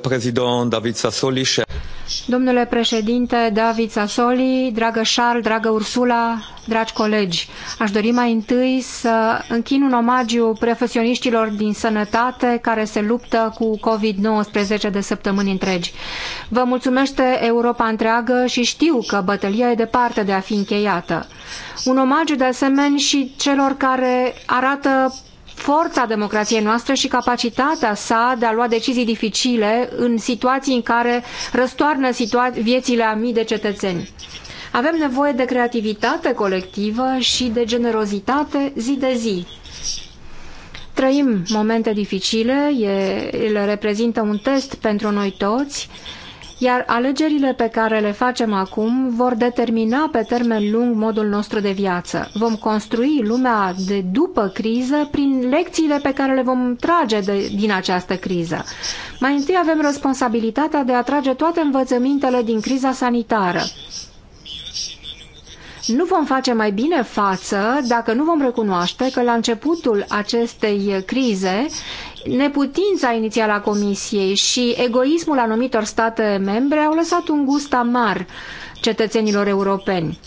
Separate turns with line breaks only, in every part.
Prezident David Sassoli.
Domnule președinte David Sassoli, dragă Charles, dragă Ursula, dragi colegi, aș dori mai întâi să închin un omagiu profesioniștilor din sănătate care se luptă cu COVID-19 de săptămâni întregi. Vă mulțumește Europa întreagă și știu că bătălia e departe de a fi încheiată. Un omagiu de asemenea și celor care arată forța democrației noastre și capacitatea sa de a lua decizii dificile în situații în care răstoarnă viețile a mii de cetățeni. Avem nevoie de creativitate colectivă și de generozitate zi de zi. Trăim momente dificile, ele reprezintă un test pentru noi toți, iar alegerile pe care le facem acum vor determina pe termen lung modul nostru de viață. Vom construi lumea de după criză prin lecțiile pe care le vom trage de, din această criză. Mai întâi avem responsabilitatea de a trage toate învățămintele din criza sanitară. Nu vom face mai bine față dacă nu vom recunoaște că la începutul acestei crize neputința inițială a Comisiei și egoismul anumitor state membre au lăsat un gust amar cetățenilor europeni.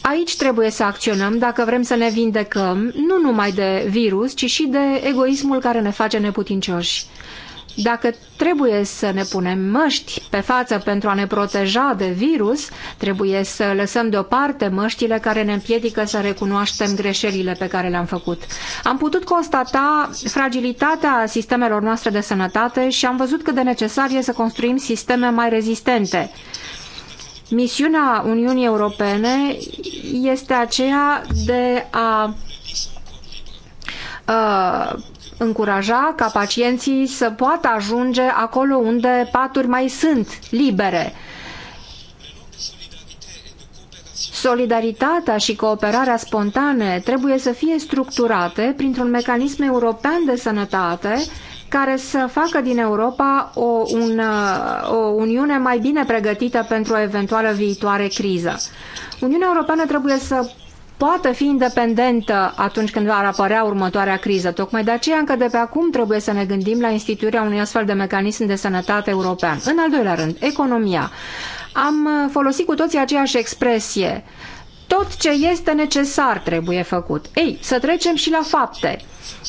Aici trebuie să acționăm dacă vrem să ne vindecăm nu numai de virus, ci și de egoismul care ne face neputincioși. Dacă trebuie să ne punem măști pe față pentru a ne proteja de virus, trebuie să lăsăm deoparte măștile care ne împiedică să recunoaștem greșelile pe care le-am făcut. Am putut constata fragilitatea sistemelor noastre de sănătate și am văzut cât de necesar e să construim sisteme mai rezistente. Misiunea Uniunii Europene este aceea de a încuraja ca pacienții să poată ajunge acolo unde paturi mai sunt libere. Solidaritatea și cooperarea spontane trebuie să fie structurate printr-un mecanism european de sănătate care să facă din Europa o, un, o Uniune mai bine pregătită pentru o eventuală viitoare criză. Uniunea Europeană trebuie să poată fi independentă atunci când va apărea următoarea criză. Tocmai de aceea încă de pe acum trebuie să ne gândim la instituirea unui astfel de mecanism de sănătate european. În al doilea rând, economia. Am folosit cu toții aceeași expresie. Tot ce este necesar trebuie făcut. Ei, să trecem și la fapte.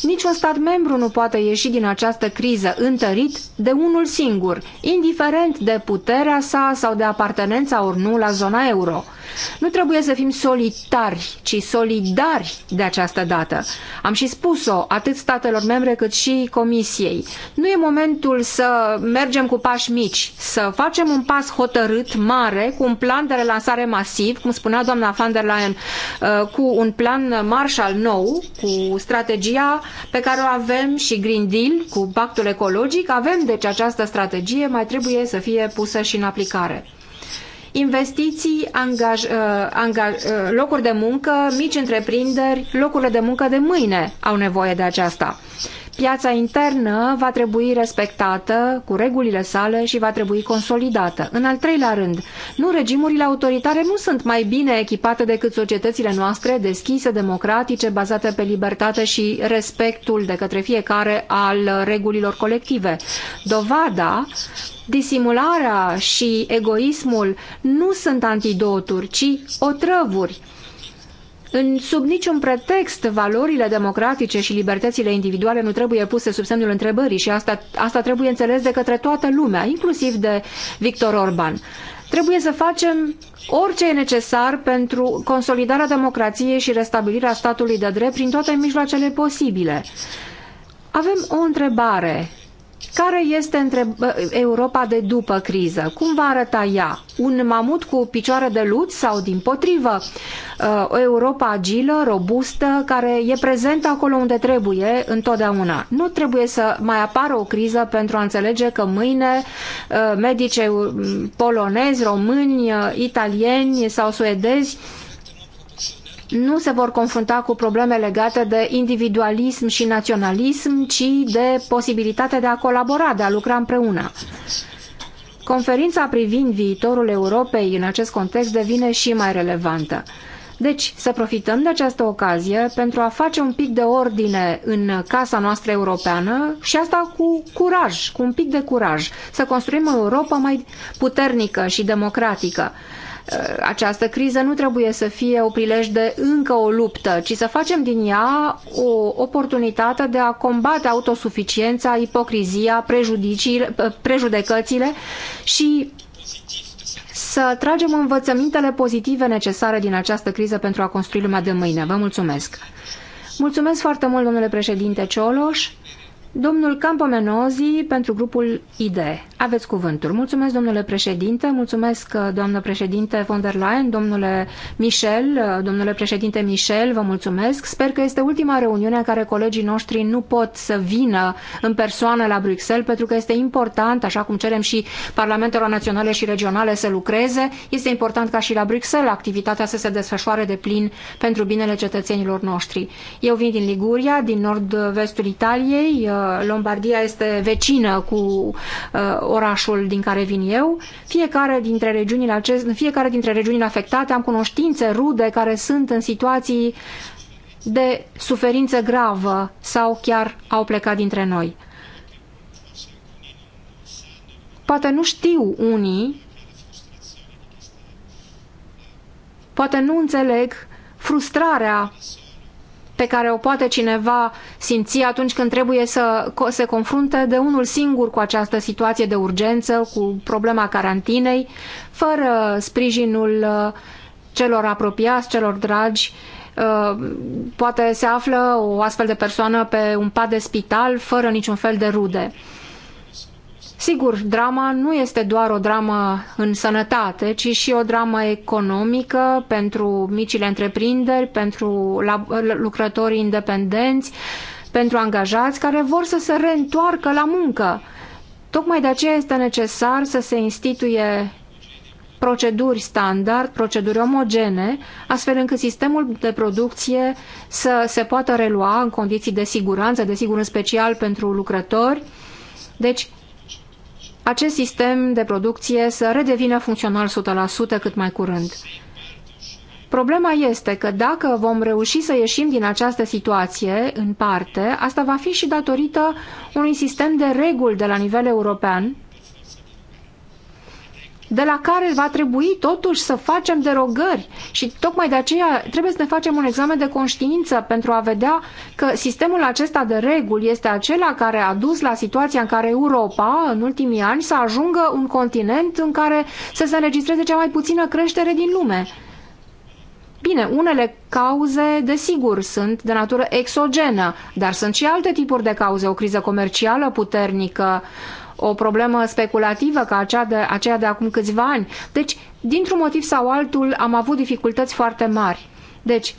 Niciun stat membru nu poate ieși din această criză întărit de unul singur, indiferent de puterea sa sau de apartenența ori nu la zona euro. Nu trebuie să fim solitari, ci solidari de această dată. Am și spus-o atât statelor membre cât și Comisiei. Nu e momentul să mergem cu pași mici, să facem un pas hotărât, mare, cu un plan de relansare masiv, cum spunea doamna van der Leyen, uh, cu un plan Marshall nou, cu strategia pe care o avem și Green Deal, cu pactul ecologic. Avem deci această strategie, mai trebuie să fie pusă și în aplicare investiții, angaj, uh, angaj, uh, locuri de muncă, mici întreprinderi, locurile de muncă de mâine au nevoie de aceasta. Piața internă va trebui respectată cu regulile sale și va trebui consolidată. În al treilea rând, nu regimurile autoritare nu sunt mai bine echipate decât societățile noastre deschise, democratice, bazate pe libertate și respectul de către fiecare al regulilor colective. Dovada Disimularea și egoismul nu sunt antidoturi, ci otrăvuri. În sub niciun pretext, valorile democratice și libertățile individuale nu trebuie puse sub semnul întrebării și asta, asta trebuie înțeles de către toată lumea, inclusiv de Victor Orban. Trebuie să facem orice e necesar pentru consolidarea democrației și restabilirea statului de drept prin toate mijloacele posibile. Avem o întrebare care este între Europa de după criză? Cum va arăta ea? Un mamut cu picioare de lut sau, din potrivă, uh, o Europa agilă, robustă, care e prezentă acolo unde trebuie, întotdeauna? Nu trebuie să mai apară o criză pentru a înțelege că mâine uh, medici polonezi, români, uh, italieni sau suedezi nu se vor confrunta cu probleme legate de individualism și naționalism, ci de posibilitatea de a colabora, de a lucra împreună. Conferința privind viitorul Europei în acest context devine și mai relevantă. Deci, să profităm de această ocazie pentru a face un pic de ordine în casa noastră europeană și asta cu curaj, cu un pic de curaj, să construim o Europa mai puternică și democratică. Eh, această criză nu trebuie să fie o prilej de încă o luptă, ci să facem din ea o oportunitate de a combate autosuficiența, ipocrizia, eh, prejudecățile și să tragem învățămintele pozitive necesare din această criză pentru a construi lumea de mâine. Vă mulțumesc! Mulțumesc foarte mult, domnule președinte Cioloș. Domnul Campomenozi pentru grupul ID. Aveți cuvântul. Mulțumesc, domnule președinte, mulțumesc, uh, doamnă președinte von der Leyen, domnule Michel, uh, domnule președinte Michel, vă mulțumesc. Sper că este ultima reuniune în care colegii noștri nu pot să vină în persoană la Bruxelles, pentru că este important, așa cum cerem și parlamentelor naționale și regionale să lucreze, este important ca și la Bruxelles activitatea să se desfășoare de plin pentru binele cetățenilor noștri. Eu vin din Liguria, din nord-vestul Italiei, uh, Lombardia este vecină cu uh, orașul din care vin eu. Fiecare dintre regiunile, acest, fiecare dintre regiunile afectate am cunoștințe rude care sunt în situații de suferință gravă sau chiar au plecat dintre noi. Poate nu știu unii, poate nu înțeleg frustrarea pe care o poate cineva simți atunci când trebuie să se confrunte de unul singur cu această situație de urgență, cu problema carantinei, fără sprijinul uh, celor apropiați, celor dragi, uh, poate se află o astfel de persoană pe un pat de spital fără niciun fel de rude. Sigur, drama nu este doar o dramă în sănătate, ci și o dramă economică pentru micile întreprinderi, pentru lucrătorii independenți, pentru angajați care vor să se reîntoarcă la muncă. Tocmai de aceea este necesar să se instituie proceduri standard, proceduri omogene, astfel încât sistemul de producție să se poată relua în condiții de siguranță, desigur în special pentru lucrători. Deci acest sistem de producție să redevină funcțional 100% cât mai curând. Problema este că dacă vom reuși să ieșim din această situație, în parte, asta va fi și datorită unui sistem de reguli de la nivel european, de la care va trebui totuși să facem derogări și tocmai de aceea trebuie să ne facem un examen de conștiință pentru a vedea că sistemul acesta de reguli este acela care a dus la situația în care Europa în ultimii ani să ajungă un continent în care să se înregistreze cea mai puțină creștere din lume. Bine, unele cauze, desigur, sunt de natură exogenă, dar sunt și alte tipuri de cauze. O criză comercială puternică, uh, o problemă speculativă ca acea de, aceea de acum câțiva ani. Deci, dintr-un motiv sau altul, am avut dificultăți foarte mari. Deci,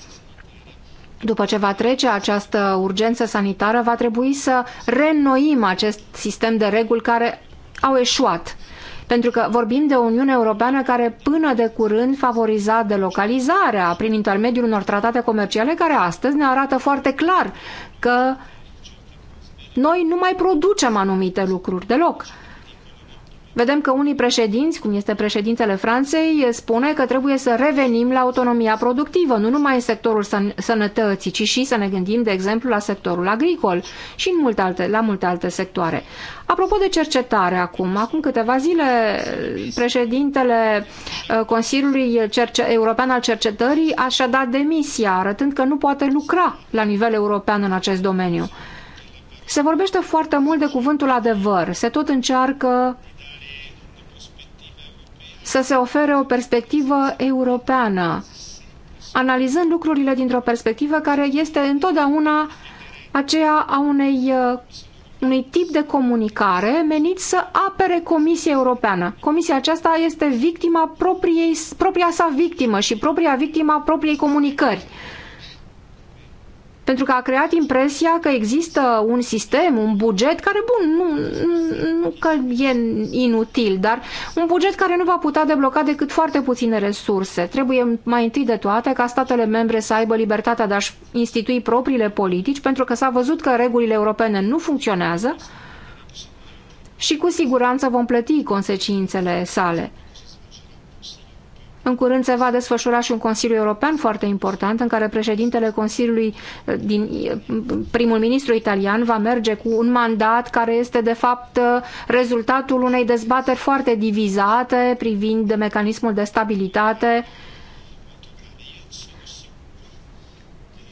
după ce va trece această urgență sanitară, va trebui să reînnoim acest sistem de reguli care au eșuat. Pentru că vorbim de o Uniune Europeană care până de curând favoriza delocalizarea prin intermediul unor tratate comerciale care astăzi ne arată foarte clar că uh, noi nu mai producem anumite lucruri deloc. Vedem că unii președinți, cum este președintele Franței, spune că trebuie să revenim la autonomia productivă, nu numai în sectorul săn sănătății, ci și să ne gândim, de exemplu, la sectorul agricol și în multe alte, la multe alte sectoare. Apropo de cercetare acum, acum câteva zile președintele uh, Consiliului Cerce European al Cercetării a și-a dat demisia, arătând că nu poate lucra la nivel european în acest domeniu. Se vorbește foarte mult de cuvântul adevăr. Se tot încearcă să se ofere o perspectivă europeană, analizând lucrurile dintr-o perspectivă care este întotdeauna aceea a unei, uh, unui tip de comunicare menit să apere Comisia Europeană. Comisia aceasta este victima propriei, propria sa victimă și propria victima propriei comunicări pentru că a creat impresia că există un sistem, un buget care, bun, nu, nu că e inutil, dar un buget care nu va putea debloca decât foarte puține resurse. Trebuie mai întâi de toate ca statele membre să aibă libertatea de a-și institui propriile politici, pentru că s-a văzut că regulile europene nu funcționează și cu siguranță vom plăti consecințele sale. În curând se va desfășura și un Consiliu European foarte important, în care președintele Consiliului, eh, din, eh, primul ministru italian, va merge cu un mandat care este, de fapt, eh, rezultatul unei dezbateri foarte divizate privind mecanismul de stabilitate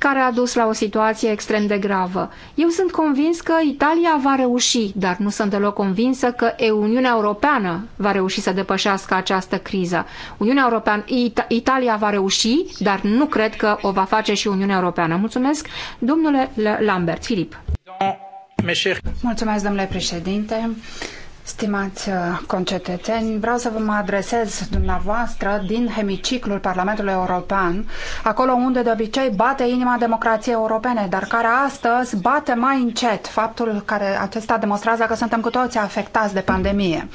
care a dus la o situație extrem de gravă. Eu sunt convins că Italia va reuși, dar nu sunt deloc convinsă că Uniunea Europeană va reuși să depășească această criză. Uniunea Europeană, It Italia va reuși, dar nu cred că o va face și Uniunea Europeană. Mulțumesc, domnule
Lambert. Filip. Mulțumesc, domnule președinte. Stimați uh, concetățeni, vreau să vă mă adresez dumneavoastră din hemiciclul Parlamentului European, acolo unde de obicei bate inima democrației europene, dar care astăzi bate mai încet, faptul care acesta demonstrează că suntem cu toții afectați de pandemie.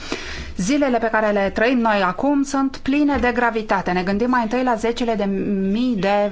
Zilele pe care le trăim noi acum sunt pline de gravitate. Ne gândim mai întâi la zecile de mii de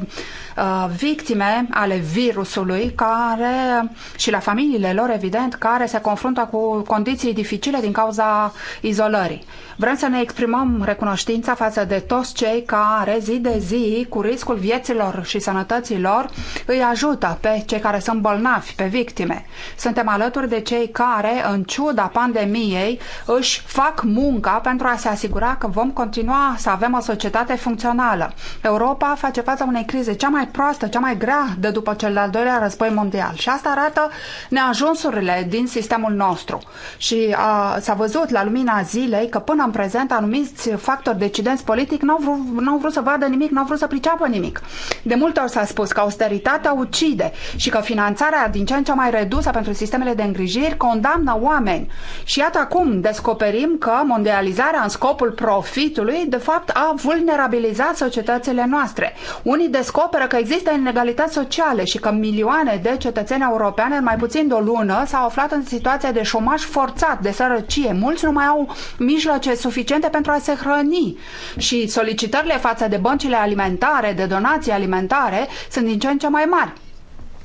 uh, victime ale virusului care, și la familiile lor, evident, care se confruntă cu condiții dificile din cauza izolării. Vrem să ne exprimăm recunoștința față de toți cei care zi de zi, cu riscul vieților și sănătății lor, îi ajută pe cei care sunt bolnavi, pe victime. Suntem alături de cei care, în ciuda pandemiei, își fac munca pentru a se asigura că vom continua să avem o societate funcțională. Europa face față unei crize cea mai proastă, cea mai grea de după cel de-al doilea război mondial și asta arată neajunsurile din sistemul nostru. Și s-a văzut la lumina zilei că până în prezent anumiți factori decidenți politic nu au vrut, vrut să vadă nimic, nu au vrut să priceapă nimic. De multe ori s-a spus că austeritatea ucide și că finanțarea din ce în ce mai redusă pentru sistemele de îngrijiri condamnă oameni. Și iată acum descoperim că mondializarea în scopul profitului, de fapt a vulnerabilizat societățile noastre. Unii descoperă că există inegalități sociale și că milioane de cetățeni europeani în mai puțin de o lună s-au aflat în situația de șomaș forțat, de sărăcie. Mulți nu mai au mijloace suficiente pentru a se hrăni și solicitările față de băncile alimentare, de donații alimentare, sunt din ce în ce mai mari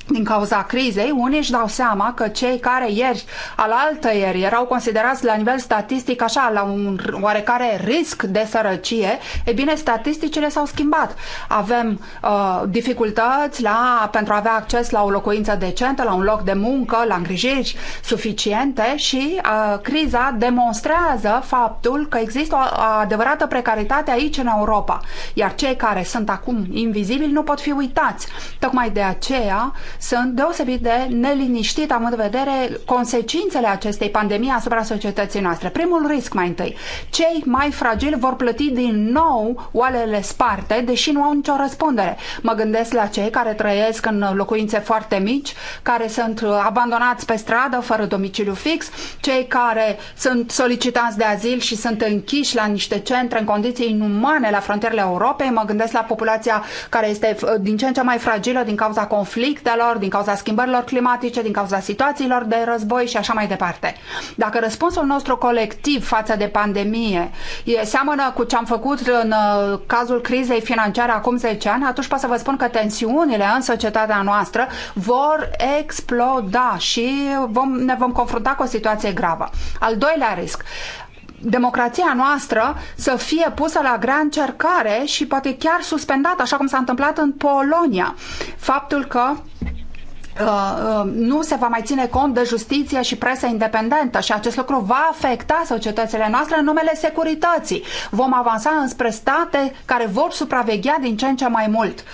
din cauza crizei, unii își dau seama că cei care ieri, alaltă ieri, erau considerați la nivel statistic așa, la un oarecare risc de sărăcie, e bine, statisticile s-au schimbat. Avem uh, dificultăți la, pentru a avea acces la o locuință decentă, la un loc de muncă, la îngrijiri suficiente și uh, criza demonstrează faptul că există o adevărată precaritate aici în Europa. Iar cei care sunt acum invizibili nu pot fi uitați. Tocmai de aceea sunt deosebit de neliniștit, având în vedere consecințele acestei pandemii asupra societății noastre. Primul risc mai întâi. Cei mai fragili vor plăti din nou oalele sparte, deși nu au nicio răspundere. Mă gândesc la cei care trăiesc în locuințe foarte mici, care sunt abandonați pe stradă, fără domiciliu fix, cei care sunt solicitați de azil și sunt închiși la niște centre în condiții inumane la frontierele Europei. Mă gândesc la populația care este uh, din ce în ce mai fragilă din cauza conflictelor conflictelor, din cauza schimbărilor climatice, din cauza situațiilor de război și așa mai departe. Dacă răspunsul nostru colectiv față de pandemie e, seamănă cu ce am făcut în uh, cazul crizei financiare acum 10 ani, atunci pot să vă spun că tensiunile în societatea noastră vor exploda și vom, ne vom confrunta cu o situație gravă. Al doilea risc, democrația noastră să fie pusă la grea încercare și poate chiar suspendată, așa cum s-a întâmplat în Polonia. Faptul că Uh, uh, nu se va mai ține cont de justiție și presă independentă și acest lucru va afecta societățile noastre în numele securității. Vom avansa înspre state care vor supraveghea din ce în ce mai mult. Uh,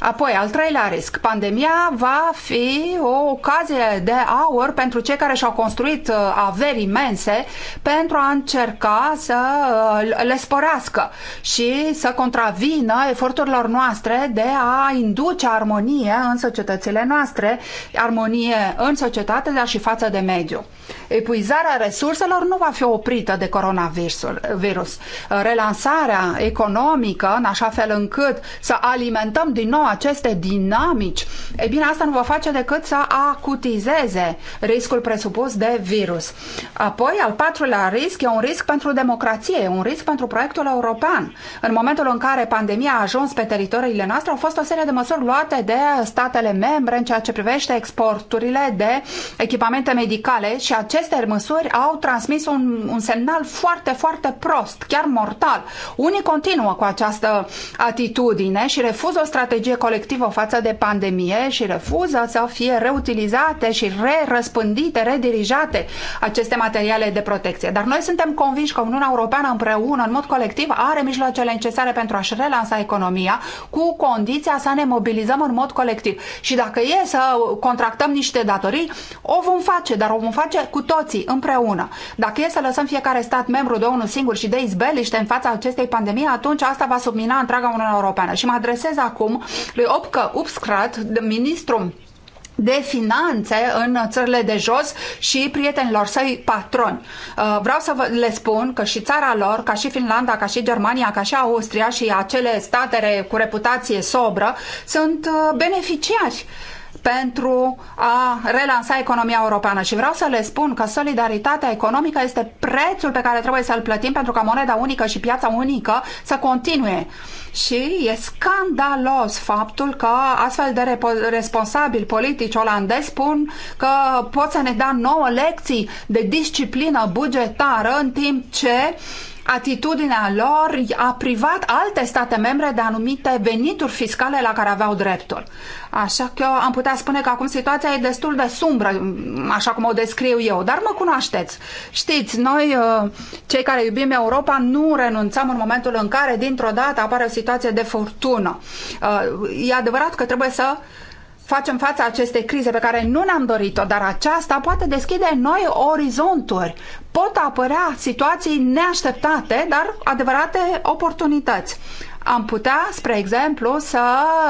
Apoi, al treilea risc, pandemia va fi o ocazie de aur pentru cei care și-au construit uh, averi imense pentru a încerca să uh, le sporească și să contravină eforturilor noastre de a induce armonie în societățile noastre, armonie în societate, dar și față de mediu epuizarea resurselor nu va fi oprită de coronavirus. Relansarea economică, în așa fel încât să alimentăm din nou aceste dinamici, e bine, asta nu va face decât să acutizeze riscul presupus de virus. Apoi, al patrulea risc e un risc pentru democrație, un risc pentru proiectul european. În momentul în care pandemia a ajuns pe teritoriile noastre, au fost o serie de măsuri luate de statele membre în ceea ce privește exporturile de echipamente medicale și acest aceste măsuri au transmis un, un semnal foarte, foarte prost, chiar mortal. Unii continuă cu această atitudine și refuză o strategie colectivă față de pandemie și refuză să fie reutilizate și re-răspândite, redirijate aceste materiale de protecție. Dar noi suntem convinși că Uniunea Europeană împreună, în mod colectiv, are mijloacele necesare pentru a-și relansa economia cu condiția să ne mobilizăm în mod colectiv. Și dacă e să contractăm niște datorii, o vom face, dar o vom face cu toții împreună. Dacă e să lăsăm fiecare stat membru de unul singur și de izbeliște în fața acestei pandemii, atunci asta va submina întreaga Uniune Europeană. Și mă adresez acum lui Opcă Upscrat, ministru de finanțe în țările de jos și prietenilor săi patroni. Uh, vreau să vă le spun că și țara lor, ca și Finlanda, ca și Germania, ca și Austria și acele statele cu reputație sobră, sunt uh, beneficiari pentru a relansa economia europeană. Și vreau să le spun că solidaritatea economică este prețul pe care trebuie să-l plătim pentru ca moneda unică și piața unică să continue. Și e scandalos faptul că astfel de responsabili politici olandezi spun că pot să ne da nouă lecții de disciplină bugetară în timp ce uh, atitudinea lor a privat alte state membre de anumite venituri fiscale la care aveau dreptul. Așa că am putea spune că acum situația e destul de sumbră, așa cum o descriu eu, dar mă cunoașteți. Știți, noi, uh, cei care iubim Europa, nu renunțăm în momentul în care, dintr-o dată, apare o situație de furtună. Uh, e adevărat că trebuie să facem față acestei crize pe care nu ne-am dorit-o, dar aceasta poate deschide noi orizonturi. Pot apărea situații neașteptate, dar adevărate oportunități am putea, spre exemplu, să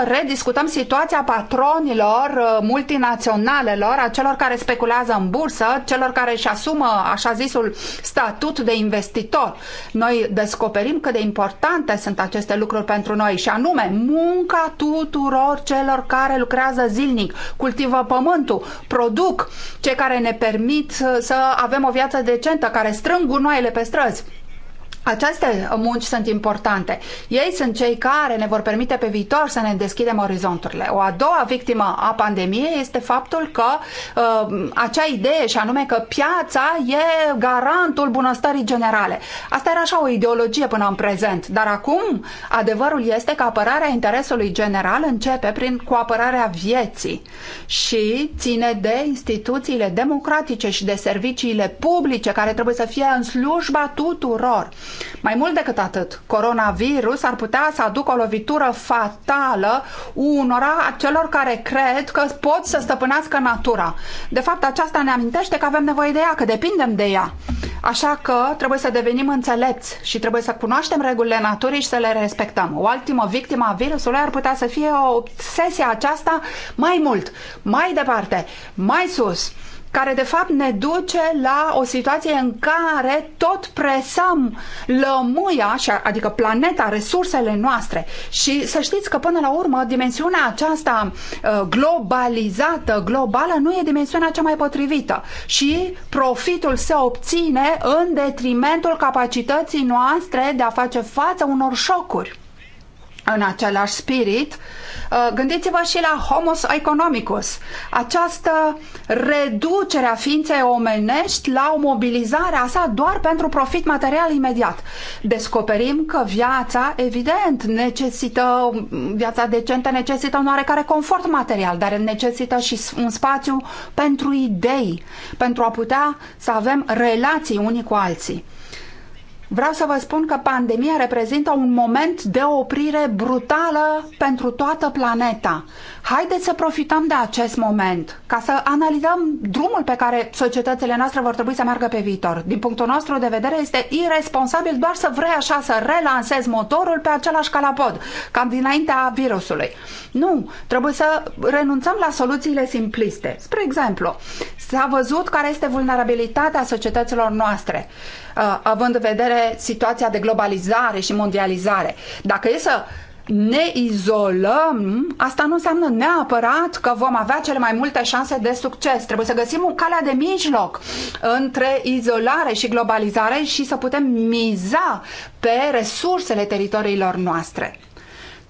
rediscutăm situația patronilor uh, multinaționalelor, a celor care speculează în bursă, celor care își asumă, așa zisul, statut de investitor. Noi descoperim cât de importante sunt aceste lucruri pentru noi și anume munca tuturor celor care lucrează zilnic, cultivă pământul, produc, cei care ne permit uh, să avem o viață decentă, care strâng gunoaiele pe străzi. Aceste munci sunt importante. Ei sunt cei care ne vor permite pe viitor să ne deschidem orizonturile. O a doua victimă a pandemiei este faptul că uh, acea idee și anume că piața e garantul bunăstării generale. Asta era așa o ideologie până în prezent, dar acum adevărul este că apărarea interesului general începe prin cu apărarea vieții și ține de instituțiile democratice și de serviciile publice care trebuie să fie în slujba tuturor. Mai mult decât atât, coronavirus ar putea să aducă o lovitură fatală unora celor care cred că pot să stăpânească natura. De fapt, aceasta ne amintește că avem nevoie de ea, că depindem de ea. Așa că trebuie să devenim înțelepți și trebuie să cunoaștem regulile naturii și să le respectăm. O ultimă victimă a virusului ar putea să fie o obsesie aceasta mai mult, mai departe, mai sus care de fapt ne duce la o situație în care tot presăm lămâia, adică planeta, resursele noastre. Și să știți că până la urmă dimensiunea aceasta uh, globalizată, globală, nu e dimensiunea cea mai potrivită. Și profitul se obține în detrimentul capacității noastre de a face față unor șocuri. În același spirit, uh, gândiți-vă și la homo economicus, această reducere a ființei omenești la o mobilizare a sa doar pentru profit material imediat. Descoperim că viața, evident, necesită, viața decentă necesită un oarecare confort material, dar necesită și un spațiu pentru idei, pentru a putea să avem relații unii cu alții. Vreau să vă spun că pandemia reprezintă un moment de oprire brutală pentru toată planeta. Haideți să profităm de acest moment ca să analizăm drumul pe care societățile noastre vor trebui să meargă pe viitor. Din punctul nostru de vedere este irresponsabil doar să vrei așa să relansezi motorul pe același calapod, cam dinaintea virusului. Nu, trebuie să renunțăm la soluțiile simpliste. Spre exemplu, s-a văzut care este vulnerabilitatea societăților noastre. Uh, Uh, având în vedere situația de globalizare și mondializare. Dacă e să ne izolăm, asta nu înseamnă neapărat că vom avea cele mai multe șanse de succes. Trebuie să găsim un calea de mijloc între izolare și globalizare și să putem miza pe resursele teritoriilor noastre.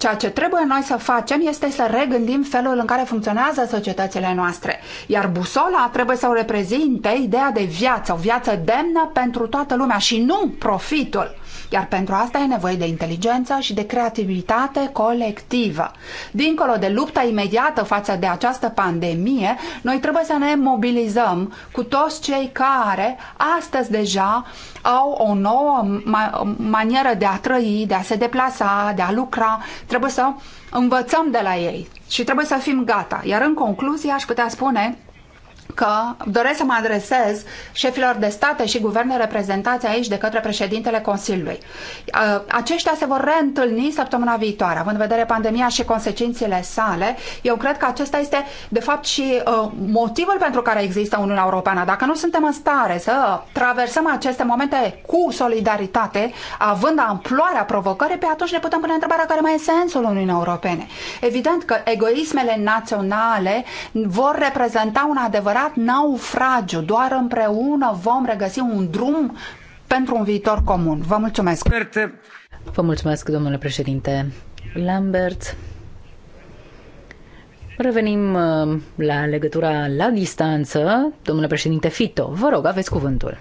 Ceea ce trebuie noi să facem este să regândim felul în care funcționează societățile noastre. Iar busola trebuie să o reprezinte ideea de viață, o viață demnă pentru toată lumea și nu profitul. Iar pentru asta e nevoie de inteligență și de creativitate colectivă. Dincolo de lupta imediată față de această pandemie, noi trebuie să ne mobilizăm cu toți cei care astăzi deja au o nouă ma- manieră de a trăi, de a se deplasa, de a lucra. Trebuie să învățăm de la ei și trebuie să fim gata. Iar în concluzie aș putea spune că doresc să mă adresez șefilor de state și guverne reprezentați aici de către președintele Consiliului. Uh, aceștia se vor reîntâlni săptămâna viitoare, având în vedere pandemia și consecințele sale. Eu cred că acesta este, de fapt, și uh, motivul pentru care există Uniunea Europeană. Dacă nu suntem în stare să traversăm aceste momente cu solidaritate, având amploarea provocării, pe atunci ne putem pune întrebarea care mai e sensul Uniunii Europene. Evident că egoismele naționale vor reprezenta un adevărat adevărat naufragiu. Doar împreună vom regăsi un drum pentru
un viitor comun. Vă mulțumesc! Vă mulțumesc, domnule președinte Lambert. Revenim uh, la legătura la distanță. Domnule președinte Fito, vă rog, aveți cuvântul.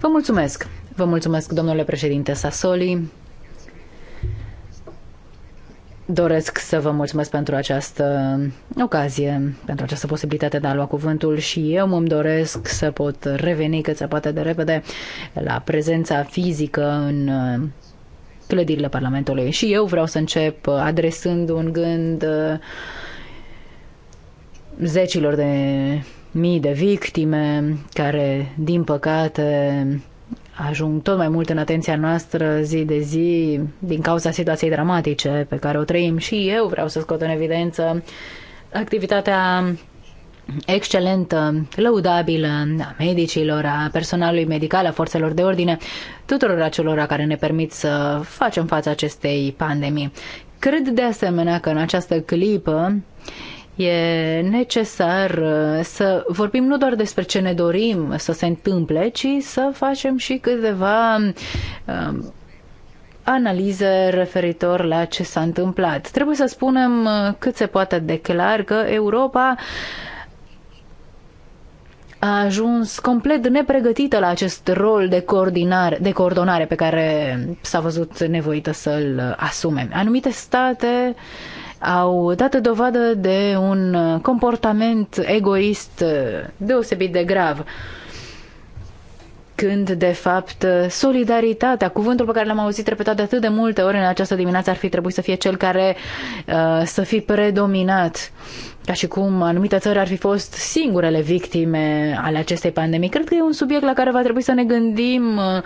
Vă mulțumesc. Vă mulțumesc, domnule președinte Sassoli. Doresc să vă mulțumesc pentru această ocazie, pentru această posibilitate de a lua cuvântul și eu îmi doresc să pot reveni cât se poate de repede la prezența fizică în uh, clădirile Parlamentului. Și eu vreau să încep adresând un gând uh, zecilor de mii de victime care, din păcate, ajung tot mai mult în atenția noastră zi de zi din cauza situației dramatice pe care o trăim și eu vreau să scot în evidență activitatea excelentă, lăudabilă a medicilor, a personalului medical, a forțelor de ordine, tuturor acelora care ne permit să facem față acestei pandemii. Cred de asemenea că în această clipă E necesar uh, să vorbim nu doar despre ce ne dorim să se întâmple, ci să facem și câteva um, analize referitor la ce s-a întâmplat. Trebuie să spunem uh, cât se poate de clar că Europa a ajuns complet nepregătită la acest rol de coordonare, de coordonare pe care s-a văzut nevoită să-l asume. Anumite state uh, au dat dovadă de un comportament egoist uh, deosebit de grav când, de fapt, solidaritatea, cuvântul pe care l-am auzit repetat de atât de multe ori în această dimineață, ar fi trebuit să fie cel care uh, să fi predominat, ca și cum anumite țări ar fi fost singurele victime ale acestei pandemii. Cred că e un subiect la care va trebui să ne gândim. Uh,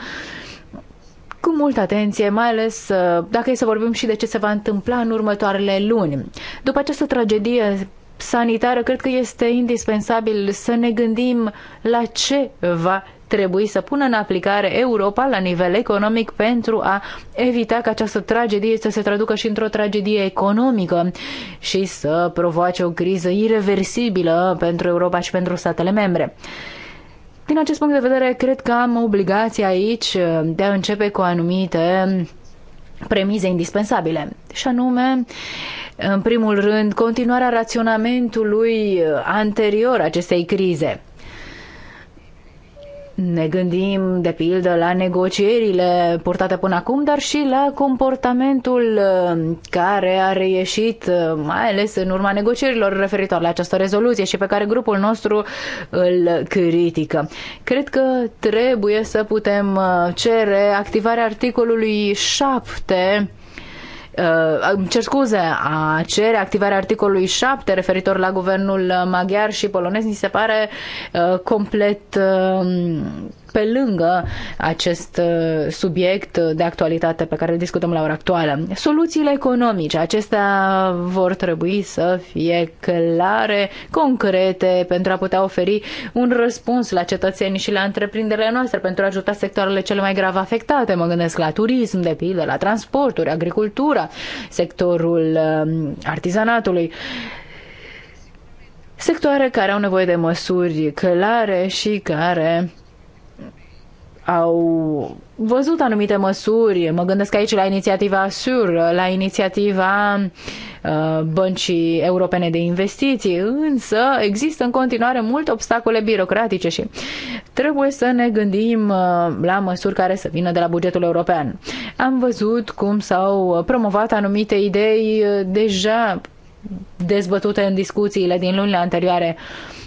cu multă atenție, mai ales uh, dacă e să vorbim și de ce se va întâmpla în următoarele luni. După această tragedie sanitară, cred că este indispensabil să ne gândim la ce va trebui să pună în aplicare Europa la nivel economic pentru a evita că această tragedie să se traducă și într-o tragedie economică și să provoace o criză irreversibilă pentru Europa și pentru statele membre. Din acest punct de vedere, cred că am obligația aici uh, de a începe cu anumite premize indispensabile, și anume, în primul rând, continuarea raționamentului uh, anterior acestei crize ne gândim, de pildă, la negocierile purtate până acum, dar și la comportamentul uh, care a reieșit, uh, mai ales în urma negocierilor referitor la această rezoluție și pe care grupul nostru îl critică. Cred că trebuie să putem uh, cere activarea articolului 7 Uh, îmi cer scuze, a cere activarea articolului 7 referitor la guvernul maghiar și polonez, mi se pare uh, complet uh, pe lângă acest uh, subiect de actualitate pe care îl discutăm la ora actuală. Soluțiile economice, acestea vor trebui să fie clare, concrete, pentru a putea oferi un răspuns la cetățenii și la întreprinderile noastre, pentru a ajuta sectoarele cele mai grav afectate. Mă gândesc la turism, de pildă, la transporturi, agricultura, sectorul um, artizanatului sectoare care au nevoie de măsuri clare și care au văzut anumite măsuri, mă gândesc aici la inițiativa SUR, la inițiativa uh, Băncii Europene de Investiții, însă există în continuare multe obstacole birocratice și trebuie să ne gândim uh, la măsuri care să vină de la bugetul european. Am văzut cum s-au promovat anumite idei uh, deja dezbătute în discuțiile din lunile anterioare uh,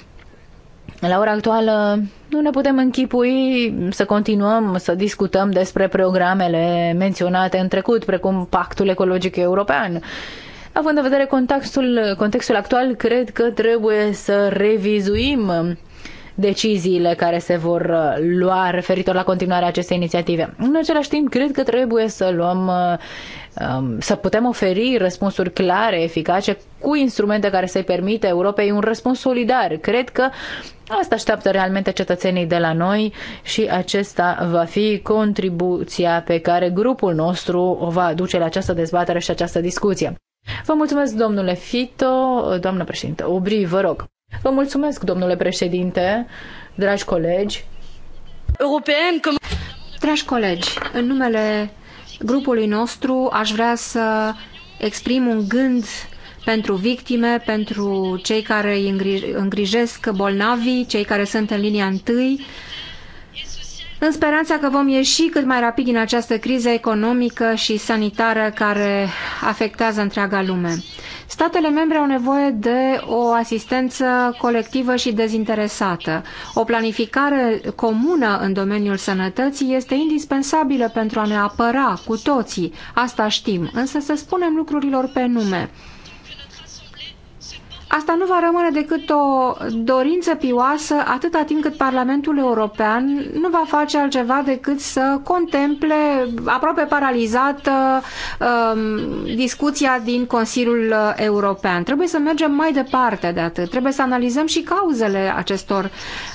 la ora actuală nu ne putem închipui să continuăm să discutăm despre programele menționate în trecut, precum Pactul Ecologic European. Având în vedere contextul, contextul actual, cred că trebuie să revizuim deciziile care se vor lua referitor la continuarea acestei inițiative. În același timp, cred că trebuie să luăm um, să putem oferi răspunsuri clare, eficace, cu instrumente care să-i permite Europei un răspuns solidar. Cred că Asta așteaptă realmente cetățenii de la noi și acesta va fi contribuția pe care grupul nostru o va aduce la această dezbatere și această discuție. Vă mulțumesc, domnule Fito, doamnă președinte. Obri, vă rog. Vă mulțumesc, domnule președinte, dragi colegi. European, cum... Dragi
colegi, în numele grupului nostru aș vrea să exprim un gând pentru victime, pentru cei care îi îngrijesc bolnavii, cei care sunt în linia întâi, în speranța că vom ieși cât mai rapid din această criză economică și sanitară care afectează întreaga lume. Statele membre au nevoie de o asistență colectivă și dezinteresată. O planificare comună în domeniul sănătății este indispensabilă pentru a ne apăra cu toții. Asta știm, însă să spunem lucrurilor pe nume. Asta nu va rămâne decât o dorință pioasă atâta timp cât Parlamentul European nu va face altceva decât să contemple aproape paralizată uh, um, discuția din Consiliul European. Trebuie să mergem mai departe de atât. Trebuie să analizăm și cauzele acestor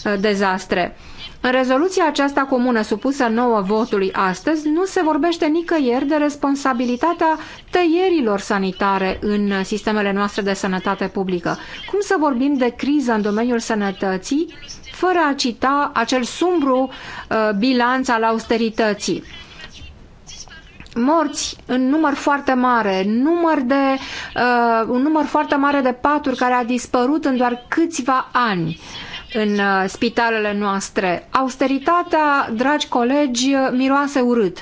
uh, dezastre. În rezoluția aceasta comună supusă nouă votului astăzi nu se vorbește nicăieri de responsabilitatea tăierilor sanitare în sistemele noastre de sănătate publică. Cum să vorbim de criză în domeniul sănătății fără a cita acel sumbru uh, bilanț al austerității? morți în număr foarte mare, număr de, uh, un număr foarte mare de paturi care a dispărut în doar câțiva ani. Uh, în uh, spitalele noastre. Austeritatea, dragi colegi, miroase urât.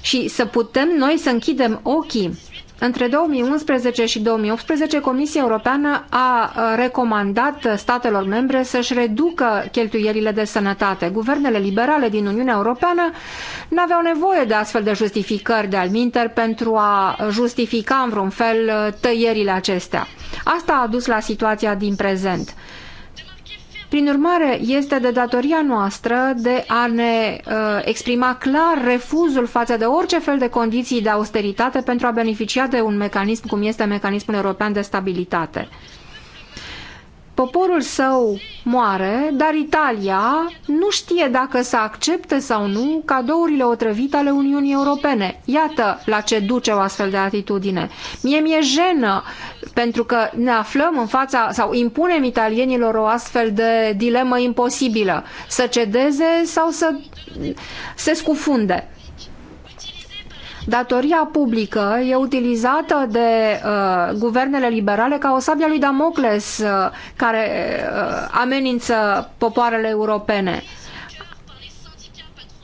Și să putem noi să închidem ochii între 2011 și 2018, Comisia Europeană a uh, recomandat statelor membre să-și reducă cheltuielile de sănătate. Guvernele liberale din Uniunea Europeană n-aveau nevoie de astfel de justificări de alminter pentru a justifica în vreun fel uh, tăierile acestea. Asta a dus la situația din prezent. Prin urmare, este de datoria noastră de a ne uh, exprima clar refuzul față de orice fel de condiții de austeritate pentru a beneficia de un mecanism cum este mecanismul european de stabilitate. Uh, Poporul său moare, dar Italia nu știe dacă să accepte sau nu cadourile otrăvite ale Uniunii Europene. Iată la ce duce o astfel de atitudine. Mie mi-e jenă pentru că ne aflăm în fața sau impunem italienilor o astfel de dilemă imposibilă. Să cedeze sau să se scufunde datoria publică e utilizată de uh, guvernele liberale ca o sabia lui Damocles uh, care uh, amenință popoarele europene.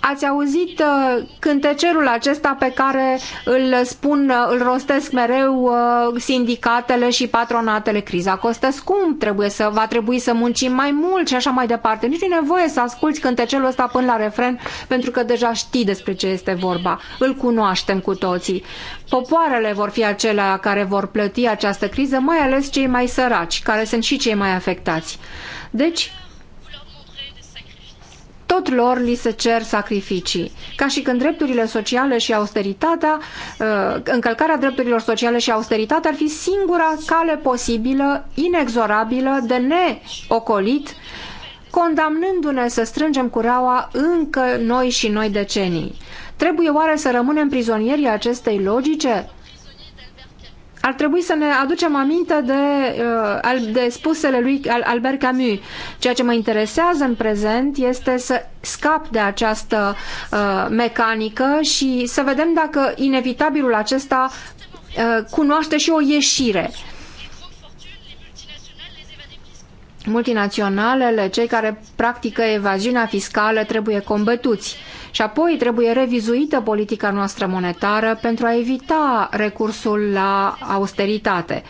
Ați auzit uh, cântecerul acesta pe care îl spun, uh, îl rostesc mereu uh, sindicatele și patronatele. Criza costă scump, trebuie să, va trebui să muncim mai mult și așa mai departe. Nici nu e nevoie să asculți cântecerul ăsta până la refren, pentru că deja știi despre ce este vorba. Îl cunoaștem cu toții. Popoarele vor fi acelea care vor plăti această criză, mai ales cei mai săraci, care sunt și cei mai afectați. Deci, tot lor li se cer sacrificii. Ca și când drepturile sociale și austeritatea, uh, încălcarea drepturilor sociale și austeritatea ar fi singura cale posibilă, inexorabilă, de neocolit, condamnându-ne să strângem cureaua încă noi și noi decenii. Trebuie oare să rămânem prizonieri acestei logice? ar trebui să ne aducem aminte de, uh, de spusele lui Albert Camus. Ceea ce mă interesează în prezent este să scap de această uh, mecanică și să vedem dacă inevitabilul acesta uh, cunoaște și o ieșire. Multinaționalele, cei care practică evaziunea fiscală, trebuie combătuți. Uh, și apoi trebuie revizuită politica noastră monetară pentru a evita recursul la austeritate.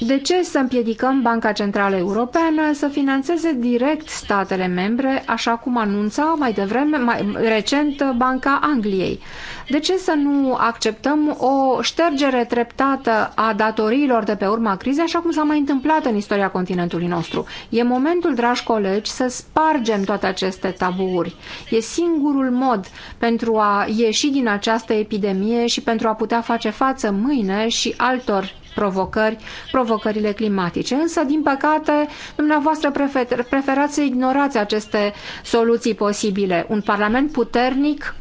De ce să împiedicăm Banca Centrală Europeană să financeze direct statele membre, așa cum anunța mai devreme, mai recent, Banca Angliei? De ce să nu acceptăm o ștergere treptată a datoriilor de pe urma crizei, așa cum s-a mai întâmplat în istoria continentului nostru? E momentul, dragi colegi, să spargem toate aceste tabuuri. E singurul mod pentru a ieși din această epidemie și pentru a putea face față mâine și altor provocări, provocările climatice. Însă, din păcate, dumneavoastră prefer, preferați să ignorați aceste soluții posibile. Un parlament puternic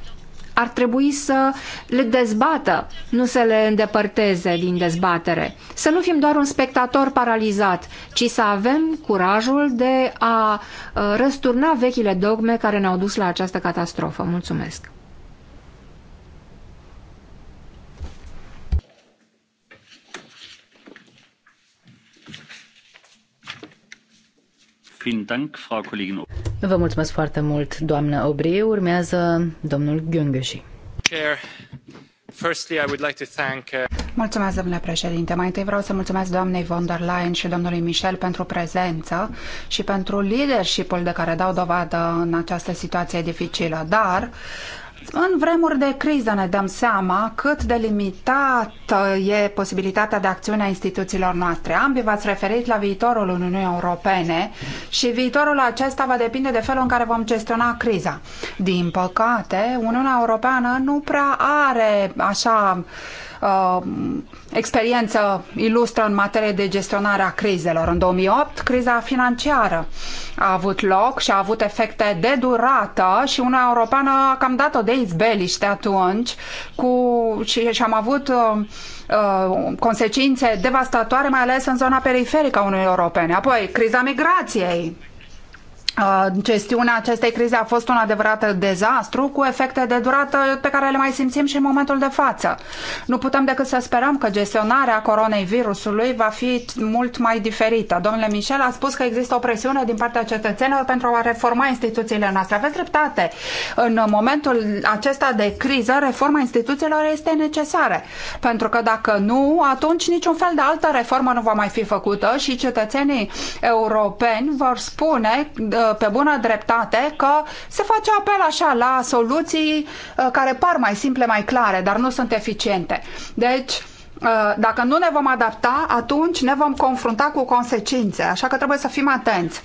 ar trebui să le dezbată, nu să le îndepărteze din dezbatere. Să nu fim doar un spectator paralizat, ci să avem curajul de a uh, răsturna vechile dogme care ne-au dus la această catastrofă. Mulțumesc!
Vă mulțumesc foarte mult, doamnă Obrie. Urmează domnul Gângăși. Uh, mulțumesc, domnule președinte.
Mai întâi vreau să mulțumesc doamnei von der Leyen și domnului Michel pentru prezență și pentru leadership-ul de care dau dovadă în această situație dificilă. Dar în vremuri de criză ne dăm seama cât de limitată e posibilitatea de acțiune a instituțiilor noastre. Ambii v-ați referit la viitorul Uniunii Europene și viitorul acesta va depinde de felul în care vom gestiona criza. Din păcate, Uniunea Europeană nu prea are așa uh, Uh, experiență ilustră în materie de gestionare a crizelor. În 2008, criza financiară a avut loc și a avut efecte de durată și una Europeană a cam dat-o de izbeliște atunci cu, și, și am avut uh, uh, consecințe devastatoare, mai ales în zona periferică a Uniunii Europene. Apoi, criza migrației Uh, gestiunea acestei crize a fost un adevărat dezastru cu efecte de durată pe care le mai simțim și în momentul de față. Nu putem decât să sperăm că gestionarea coronei virusului va fi mult mai diferită. Domnule Michel a spus că există o presiune din partea cetățenilor pentru a reforma instituțiile noastre. Aveți dreptate. În momentul acesta de criză, reforma instituțiilor este necesară. Pentru că dacă nu, atunci niciun fel de altă reformă nu va mai fi făcută și cetățenii europeni vor spune uh, pe bună dreptate că se face apel așa la soluții uh, care par mai simple, mai clare, dar nu sunt eficiente. Deci, uh, dacă nu ne vom adapta, atunci ne vom confrunta cu consecințe, așa că trebuie să fim atenți.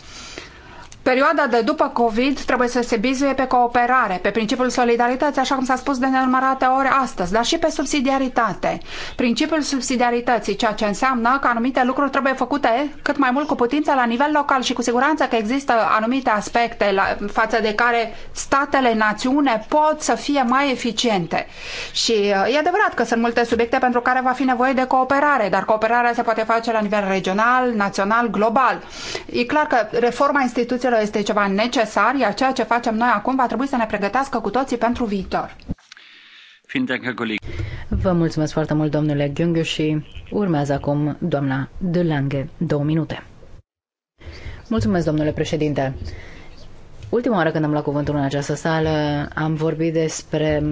Perioada de după COVID trebuie să se bizuie pe cooperare, pe principiul solidarității, așa cum s-a spus de nenumărate ori astăzi, dar și pe subsidiaritate. Principiul subsidiarității, ceea ce înseamnă că anumite lucruri trebuie făcute cât mai mult cu putință la nivel local și cu siguranță că există anumite aspecte la, față de care statele, națiune pot să fie mai eficiente. Și uh, e adevărat că sunt multe subiecte pentru care va fi nevoie de cooperare, dar cooperarea se poate face la nivel regional, național, global. E clar că reforma instituțiilor reducerilor este ceva necesar, iar ceea ce facem noi acum va trebui să ne pregătească cu toții pentru viitor.
Vă mulțumesc foarte mult, domnule Gheunghiu, și urmează acum doamna De Lange, două minute. Mulțumesc, domnule președinte. Ultima oară când am luat cuvântul în această sală, am vorbit despre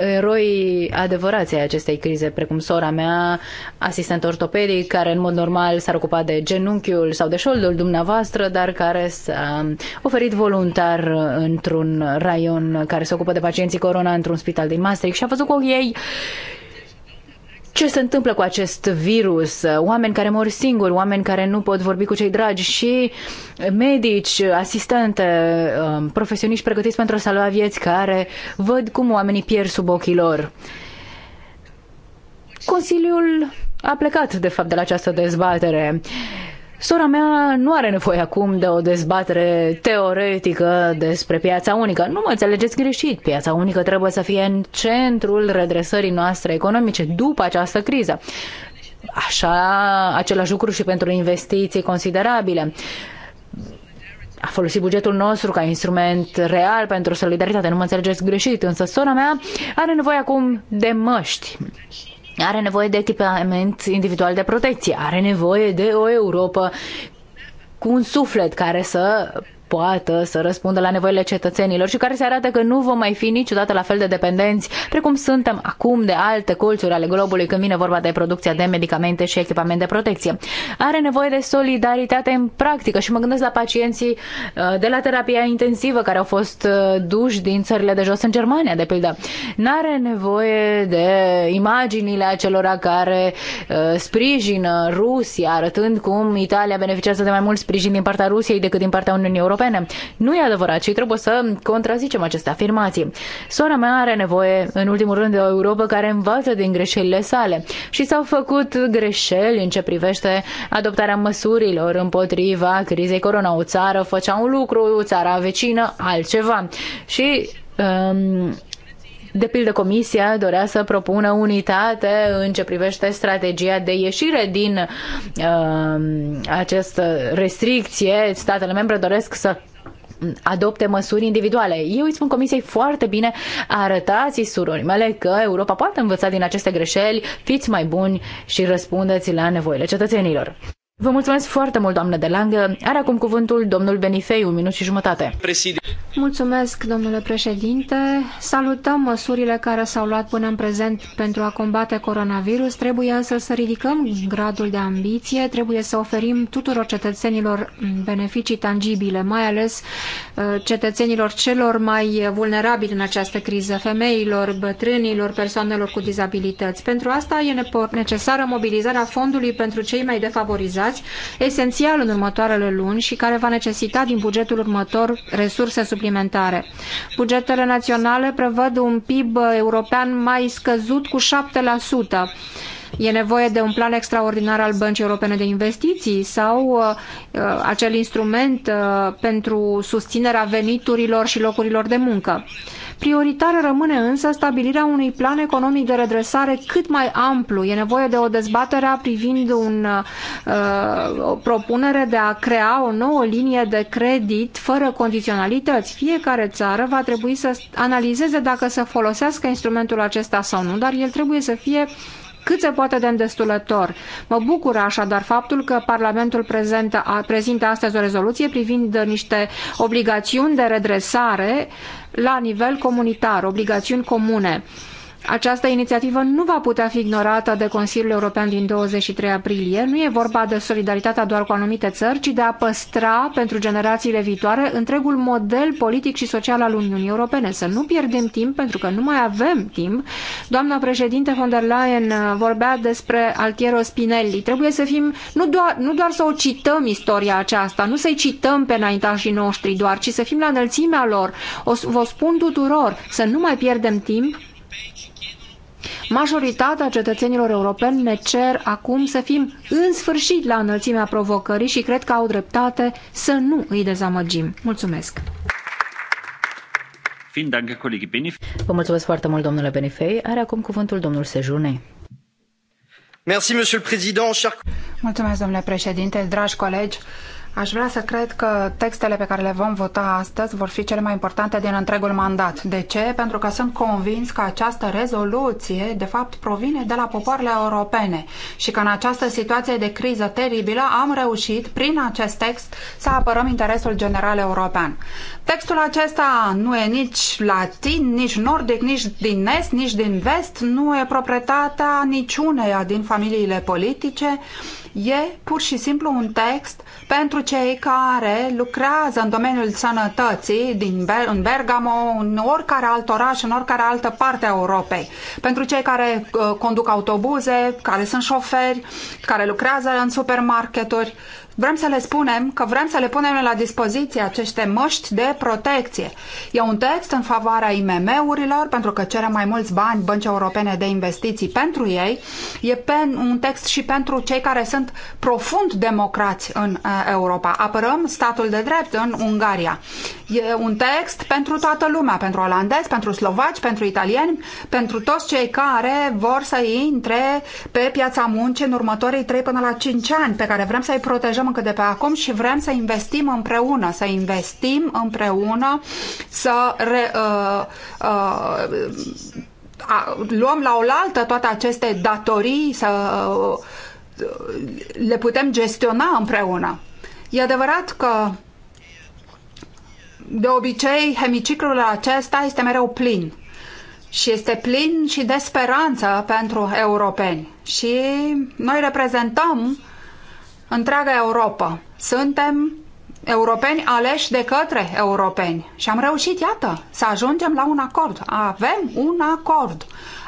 eroi adevărați ai acestei crize, precum sora mea, asistent ortopedic, care în mod normal s-ar ocupa de genunchiul sau de șoldul dumneavoastră, dar care s-a oferit voluntar într-un raion care se ocupă de pacienții corona într-un spital din Maastricht și a văzut cu ei ce se întâmplă cu acest virus, oameni care mor singuri, oameni care nu pot vorbi cu cei dragi și medici, asistente, um, profesioniști pregătiți pentru a salva vieți care văd cum oamenii pierd sub ochii lor. Consiliul a plecat, de fapt, de la această dezbatere. Sora mea nu are nevoie acum de o dezbatere teoretică despre piața unică. Nu mă înțelegeți greșit, piața unică trebuie să fie în centrul redresării noastre economice după această criză. Așa, același lucru și pentru investiții considerabile a folosit bugetul nostru ca instrument real pentru solidaritate, nu mă înțelegeți greșit, însă sora mea are nevoie acum de măști. Are nevoie de echipament individual de protecție, are nevoie de o Europa cu un suflet care să poată să răspundă la nevoile cetățenilor și care se arată că nu vom mai fi niciodată la fel de dependenți precum suntem acum de alte colțuri ale globului când vine vorba de producția de medicamente și echipamente de protecție. Are nevoie de solidaritate în practică și mă gândesc la pacienții uh, de la terapia intensivă care au fost uh, duși din țările de jos în Germania, de pildă. N-are nevoie de imaginile acelora care uh, sprijină Rusia, arătând cum Italia beneficiază de mai mult sprijin din partea Rusiei decât din partea Uniunii Europene Europene. Nu e adevărat și trebuie să contrazicem aceste afirmații. Sora mea are nevoie, în ultimul rând, de o Europa care învață din greșelile sale și s-au făcut greșeli în ce privește adoptarea măsurilor împotriva crizei corona. O țară făcea un lucru, o țara vecină altceva. Și um, de pildă, Comisia dorea să propună unitate în ce privește strategia de ieșire din uh, această restricție. Statele membre doresc să adopte măsuri individuale. Eu îi spun Comisiei foarte bine, arătați surori, mele că Europa poate învăța din aceste greșeli, fiți mai buni și răspundeți la nevoile cetățenilor. Vă mulțumesc foarte mult, doamnă de Langă. Are acum cuvântul domnul Benifei, un minut și jumătate. Presidiu.
Mulțumesc, domnule președinte. Salutăm măsurile care s-au luat până în prezent pentru a combate coronavirus. Trebuie însă să ridicăm gradul de ambiție, trebuie să oferim tuturor cetățenilor beneficii tangibile, mai ales uh, cetățenilor celor mai vulnerabili în această criză, femeilor, bătrânilor, persoanelor cu dizabilități. Pentru asta e necesară mobilizarea fondului pentru cei mai defavorizați angajați, esențial în următoarele luni și care va necesita din bugetul următor resurse suplimentare. Bugetele naționale prevăd un PIB european mai scăzut cu 7%. E nevoie de un plan extraordinar al Băncii Europene de Investiții sau uh, uh, acel instrument uh, pentru susținerea veniturilor și locurilor de muncă. Prioritară rămâne însă stabilirea unui plan economic de redresare cât mai amplu. E nevoie de o dezbatere privind un, o propunere de a crea o nouă linie de credit fără condiționalități. Fiecare țară va trebui să analizeze dacă să folosească instrumentul acesta sau nu, dar el trebuie să fie cât se poate de îndestulător. Mă bucură așadar faptul că Parlamentul prezentă, prezintă astăzi o rezoluție privind niște obligațiuni de redresare la nivel comunitar, obligațiuni comune. Această inițiativă nu va putea fi ignorată de Consiliul European din 23 aprilie. Nu e vorba de solidaritatea doar cu anumite țări, ci de a păstra pentru generațiile viitoare întregul model politic și social al Uniunii Europene. Să nu pierdem timp, pentru că nu mai avem timp. Doamna președinte von der Leyen uh, vorbea despre Altiero Spinelli. Trebuie să fim, nu doar, nu doar să o cităm istoria aceasta, nu să-i cităm pe înaintașii noștri doar, ci să fim la înălțimea lor. O, vă spun tuturor să nu mai pierdem timp Majoritatea cetățenilor europeni ne cer acum să fim în sfârșit la înălțimea provocării și cred că au dreptate să nu
îi dezamăgim. Mulțumesc! Vă mulțumesc foarte mult, domnule Benifei. Are acum cuvântul domnul Sejune.
Mulțumesc, domnule președinte, dragi colegi. Aș vrea să cred că textele pe care le vom vota astăzi vor fi cele mai importante din întregul mandat. De ce? Pentru că sunt convins că această rezoluție, de fapt, provine de la popoarele europene și că în această situație de criză teribilă am reușit, prin acest text, să apărăm interesul general european. Textul acesta nu e nici latin, nici nordic, nici din est, nici din vest, nu e proprietatea niciuneia din familiile politice, e pur și simplu un text pentru cei care lucrează în domeniul sănătății din Ber- în Bergamo, în oricare alt oraș, în oricare altă parte a Europei, pentru cei care uh, conduc autobuze, care sunt șoferi, care lucrează în supermarketuri Vrem să le spunem că vrem să le punem la dispoziție aceste măști de protecție. E un text în favoarea IMM-urilor, pentru că cere mai mulți bani băncii europene de investiții pentru ei. E pen, un text și pentru cei care sunt profund democrați în uh, Europa. Apărăm statul de drept în Ungaria. E un text pentru toată lumea, pentru olandezi, pentru slovaci, pentru italieni, pentru toți cei care vor să intre pe piața muncii în următorii 3 până la 5 ani, pe care vrem să-i protejăm învățăm încă de pe acum și vrem să investim împreună, să investim împreună, să re, uh, uh, a, luăm la oaltă toate aceste datorii, să uh, le putem gestiona împreună. E adevărat că de obicei hemiciclul acesta este mereu plin și este plin și de speranță pentru europeni. Și noi reprezentăm întreaga Europa. Suntem europeni aleși de către europeni și am reușit, iată, să ajungem la un acord. Avem un acord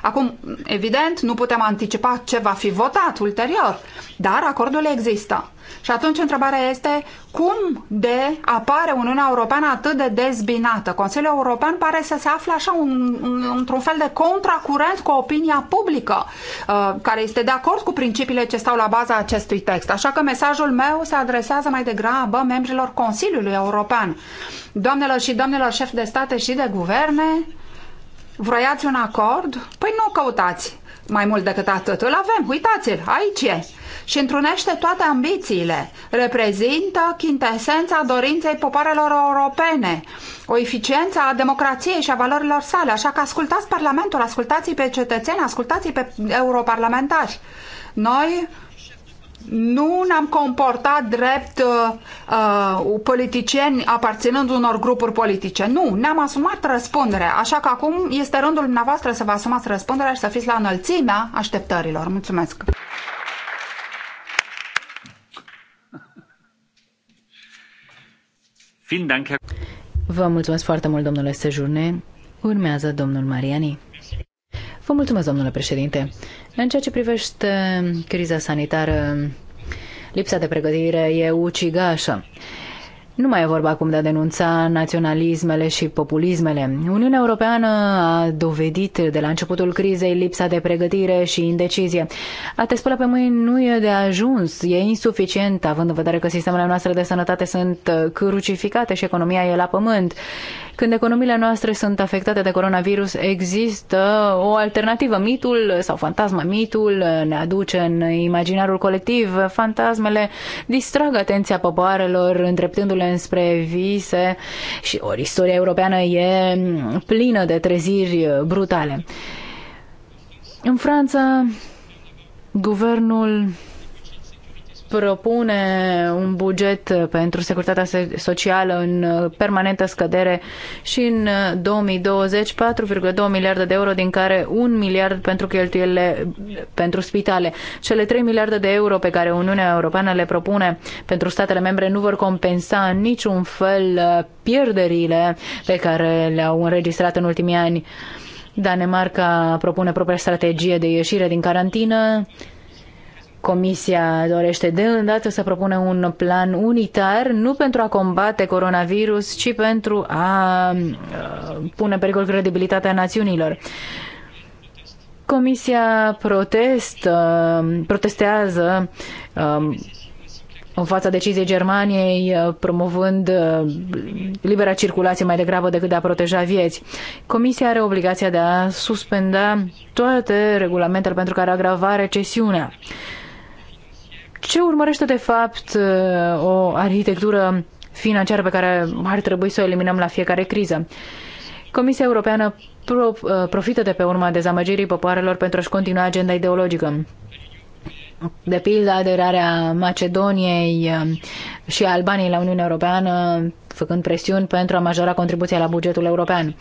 Acum, evident, nu putem anticipa ce va fi votat ulterior, dar acordul există. Și atunci întrebarea este cum de apare Uniunea Europeană atât de dezbinată? Consiliul European pare să se afle așa un, un, într-un fel de contracurent cu opinia publică, uh, care este de acord cu principiile ce stau la baza acestui text. Așa că mesajul meu se adresează mai degrabă membrilor Consiliului European. Doamnelor și domnilor șefi de state și de guverne, Vroiați un acord? Păi nu căutați mai mult decât atât. Îl avem, uitați-l, aici e. Și întrunește toate ambițiile. Reprezintă chintesența dorinței popoarelor europene, o eficiență a democrației și a valorilor sale. Așa că ascultați Parlamentul, ascultați pe cetățeni, ascultați pe europarlamentari. Noi nu ne-am comportat drept uh, uh, politicieni aparținând unor grupuri politice. Nu, ne-am asumat răspunderea. Așa că acum este rândul dumneavoastră să vă asumați răspunderea și să fiți la înălțimea așteptărilor. Mulțumesc!
Vă mulțumesc foarte mult, domnule Sejurne. Urmează domnul Mariani. Vă mulțumesc, domnule președinte. În ceea ce privește criza sanitară, lipsa de pregătire e ucigașă. Nu mai e vorba acum de a denunța naționalismele și populismele. Uniunea Europeană a dovedit de la începutul crizei lipsa de pregătire și indecizie. A te spune pe mâini nu e de ajuns, e insuficient, având în vedere că sistemele noastre de sănătate sunt uh, crucificate și economia e la pământ. Când economiile noastre sunt afectate de coronavirus, există o alternativă. Mitul sau fantasma mitul uh, ne aduce în imaginarul colectiv. Fantasmele distrag atenția popoarelor, îndreptându le înspre vise și ori istoria europeană e plină de treziri brutale. În Franța, guvernul propune un buget pentru securitatea socială în uh, permanentă scădere și în 2020 uh, 4,2 miliarde de euro, din care 1 miliard pentru cheltuielile pentru spitale. Cele 3 miliarde de euro pe care Uniunea Europeană le propune pentru statele membre nu vor compensa în niciun fel uh, pierderile pe care le-au înregistrat în ultimii ani. Danemarca propune propria strategie de ieșire din carantină, Comisia dorește de îndată să propune un plan unitar, nu pentru a combate coronavirus, ci pentru a uh, pune în pericol credibilitatea națiunilor. Comisia protest, protestează um, în fața deciziei Germaniei, uh, promovând uh, libera circulație mai degrabă decât de a proteja vieți. Comisia are obligația de a suspenda toate regulamentele pentru care agrava recesiunea ce urmărește de fapt uh, o arhitectură financiară pe care ar trebui să o eliminăm la fiecare criză? Comisia Europeană pro, uh, profită de pe urma dezamăgirii popoarelor pentru a-și continua agenda ideologică. De pildă, aderarea Macedoniei uh, și a Albaniei la Uniunea Europeană, făcând presiuni pentru a majora contribuția la bugetul european.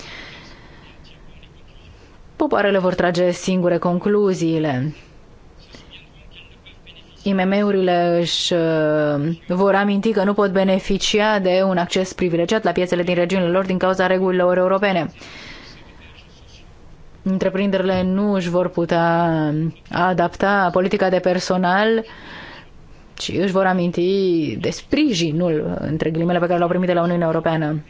Popoarele vor trage singure concluziile. IMM-urile își uh, vor aminti că nu pot beneficia de un acces privilegiat la piețele din regiunile lor din cauza regulilor europene. Întreprinderile nu își vor putea adapta politica de personal ci își vor aminti de sprijinul, între ghilimele, pe care l-au primit de la Uniunea Europeană.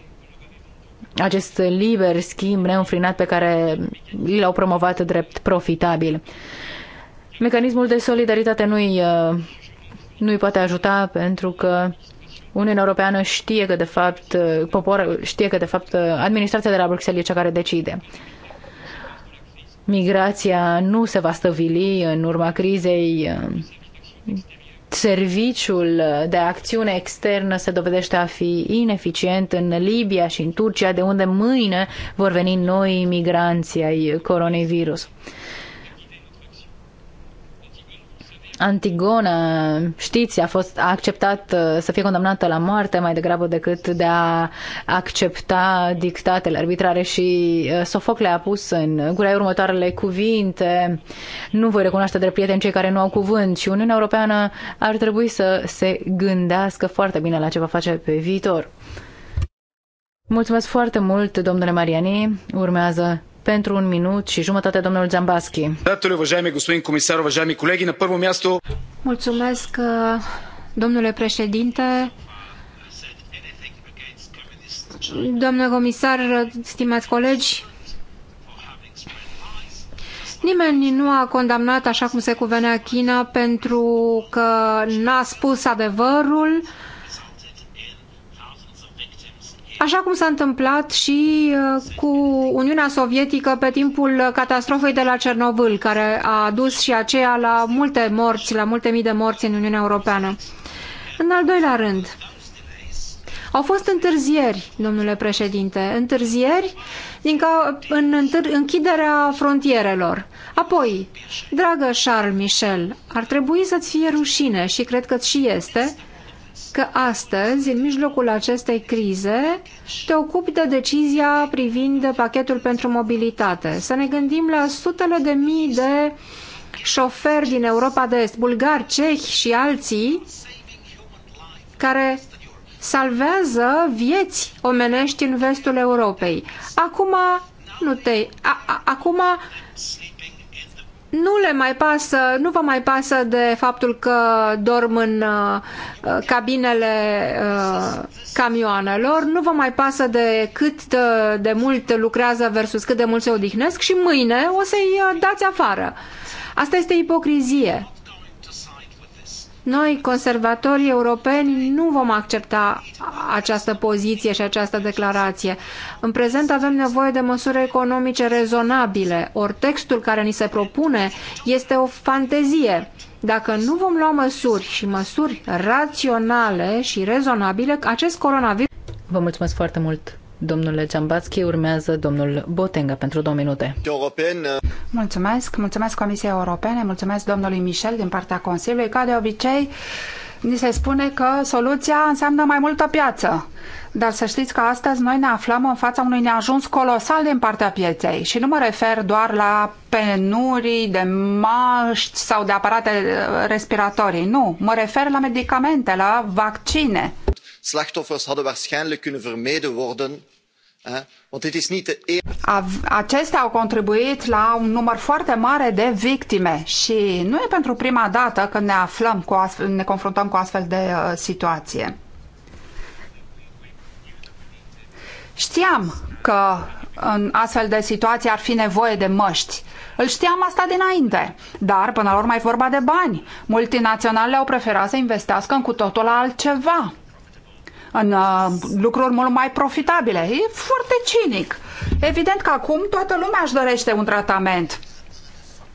Acest liber schimb neînfrinat pe care l-au promovat drept profitabil. Mecanismul de solidaritate nu-i uh, nu-i poate ajuta pentru că Uniunea Europeană știe că de fapt uh, poporul știe că de fapt uh, administrația de la Bruxelles e cea care decide. Migrația nu se va stăvili în urma crizei. Serviciul de acțiune externă se dovedește a fi ineficient în Libia și în Turcia, de unde mâine vor veni noi migranții ai coronavirus. Antigona, știți, a fost a acceptat uh, să fie condamnată la moarte mai degrabă decât de a accepta dictatele arbitrare și uh, Sofocle a pus în gura următoarele cuvinte nu voi recunoaște drept prieteni cei care nu au cuvânt și Uniunea Europeană ar trebui să se gândească foarte bine la ce va face pe viitor. Mulțumesc foarte mult, domnule Mariani. Urmează pentru un minut și jumătate, domnul Zambaschi.
Comisar, colegi. În primul
Mulțumesc, uh, domnule președinte,
Domnule comisar, stimați colegi, nimeni nu a condamnat așa cum se cuvenea China pentru că n-a spus adevărul, Așa cum s-a întâmplat și uh, cu Uniunea Sovietică pe timpul catastrofei de la Cernobâl, care a dus și aceea la multe morți, la multe mii de morți în Uniunea Europeană. În al doilea rând, au fost întârzieri, domnule președinte, întârzieri din ca în întâr- închiderea frontierelor. Apoi, dragă Charles Michel, ar trebui să-ți fie rușine și cred că și este că astăzi, în mijlocul acestei crize, te ocupi de decizia privind pachetul pentru mobilitate. Să ne gândim la sutele de mii de șoferi din Europa de Est, bulgari, cehi și alții, care salvează vieți omenești în vestul Europei. Acum, nu te... A, a, acum nu le mai pasă, nu vă mai pasă de faptul că dorm în uh, cabinele uh, camioanelor, nu vă mai pasă de cât de mult lucrează versus cât de mult se odihnesc și mâine o să-i uh, dați afară. Asta este ipocrizie. Noi, conservatorii europeni, nu vom accepta această poziție și această declarație. În prezent avem nevoie de măsuri economice rezonabile, ori textul care ni se propune este o fantezie. Dacă nu vom lua măsuri și măsuri raționale și rezonabile, acest coronavirus...
Vă mulțumesc foarte mult! Domnule Ciambațchi, urmează domnul Botenga pentru două minute. Mulțumesc, mulțumesc Comisiei Europene, mulțumesc domnului Michel din partea Consiliului. Ca de obicei, ni se spune că soluția înseamnă mai multă piață. Dar să știți că astăzi noi ne aflăm în fața unui neajuns colosal din partea pieței și nu mă refer doar la penurii de maști sau de aparate respiratorii, nu, mă refer la medicamente, la vaccine slachtoffers hadden waarschijnlijk kunnen vermeden worden. Want dit is niet de Acestea au contribuit la un număr foarte mare de victime și nu e pentru prima dată când ne aflăm cu astfel, ne confruntăm cu astfel de uh, situație. Știam că în astfel de situații ar fi nevoie de măști. Îl știam asta dinainte, dar până la urmă e vorba de bani. Multinaționalele au preferat să investească în cu totul altceva în uh, lucruri mult mai profitabile. E foarte cinic. Evident că acum toată lumea își dorește un tratament.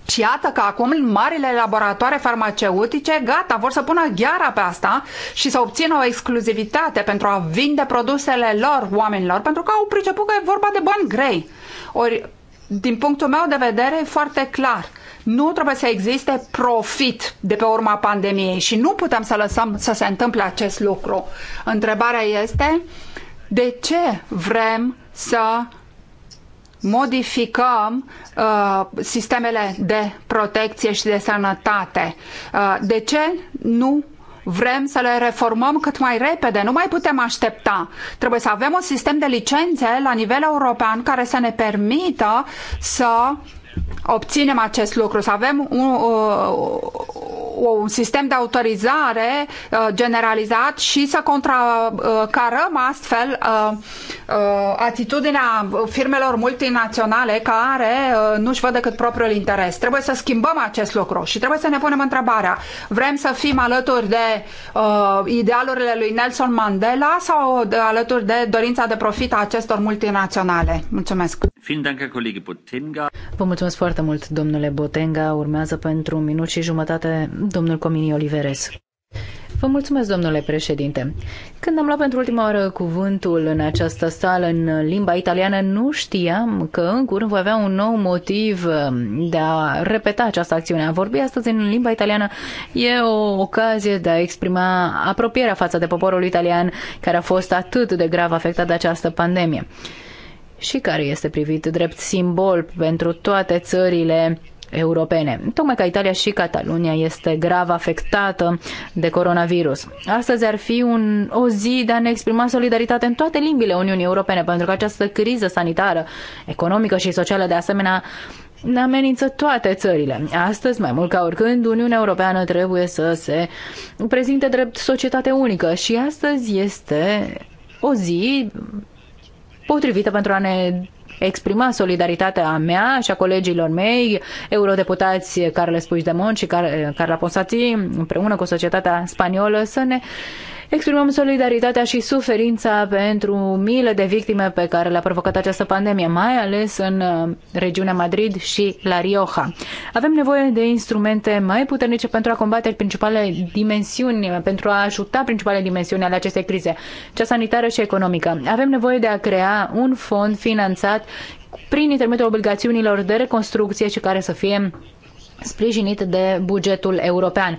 Și iată că acum marile laboratoare farmaceutice, gata, vor să pună gheara pe asta și să obțină o exclusivitate pentru a vinde produsele lor oamenilor, pentru că au priceput că e vorba de bani grei. Ori, din punctul meu de vedere, e foarte clar nu trebuie să existe profit de pe urma pandemiei și nu putem să lăsăm să se întâmple acest lucru. Întrebarea este de ce vrem să modificăm uh, sistemele de protecție și de sănătate. Uh, de ce nu Vrem să le reformăm cât mai repede, nu mai putem aștepta. Trebuie să avem un sistem de licențe la nivel european care să ne permită să obținem acest lucru, să avem un, uh, un sistem de autorizare uh, generalizat și să contracarăm astfel uh, atitudinea firmelor multinaționale care nu-și văd decât propriul interes. Trebuie să schimbăm acest lucru și trebuie să ne punem întrebarea. Vrem să fim alături de idealurile lui Nelson Mandela sau
alături de dorința de profit a acestor multinaționale? Mulțumesc! Vă mulțumesc foarte mult, domnule Botenga. Urmează pentru un minut și jumătate domnul Comini Oliveres. Vă mulțumesc, domnule președinte. Când am luat pentru ultima oară cuvântul în această sală în limba italiană, nu știam că în curând voi avea un nou motiv um, de a repeta această acțiune. A vorbi astăzi în limba italiană e o ocazie de a exprima apropierea față de poporul italian care a fost atât de grav afectat de această pandemie și care este privit drept simbol pentru toate țările europene. Tocmai ca Italia și Catalunia este grav afectată de coronavirus. Astăzi ar fi un, o zi de a ne exprima solidaritate în toate limbile Uniunii Europene, pentru că această criză sanitară, economică și socială de asemenea ne amenință toate țările. Astăzi, mai mult ca oricând, Uniunea Europeană trebuie să se prezinte drept societate unică și astăzi este o zi potrivită pentru a ne exprima solidaritatea mea și a colegilor mei, eurodeputați Carles Puigdemont și Carla Ponsati, împreună cu societatea spaniolă, să ne Exprimăm solidaritatea și suferința pentru miile de victime pe care le-a provocat această pandemie, mai ales în uh, regiunea Madrid și La Rioja. Avem nevoie de instrumente mai puternice pentru a combate principalele dimensiuni, pentru a ajuta principalele dimensiuni ale acestei crize, cea sanitară și economică. Avem nevoie de a crea un fond finanțat prin intermediul obligațiunilor de reconstrucție și care să fie sprijinit de bugetul european.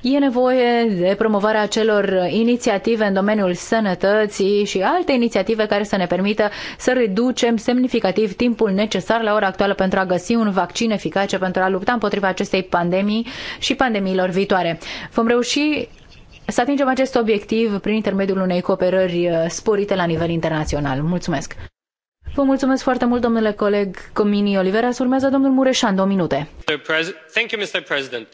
E nevoie de promovarea acelor inițiative în domeniul sănătății și alte inițiative care să ne permită să reducem semnificativ timpul necesar la ora actuală pentru a găsi un vaccin eficace pentru a lupta împotriva acestei pandemii și pandemiilor viitoare. Vom reuși să atingem acest obiectiv prin intermediul unei cooperări uh, sporite la nivel internațional. Mulțumesc! Vă mulțumesc foarte mult, domnule coleg Comini Olivera. Urmează domnul Mureșan, două minute. Thank you, Mr. President.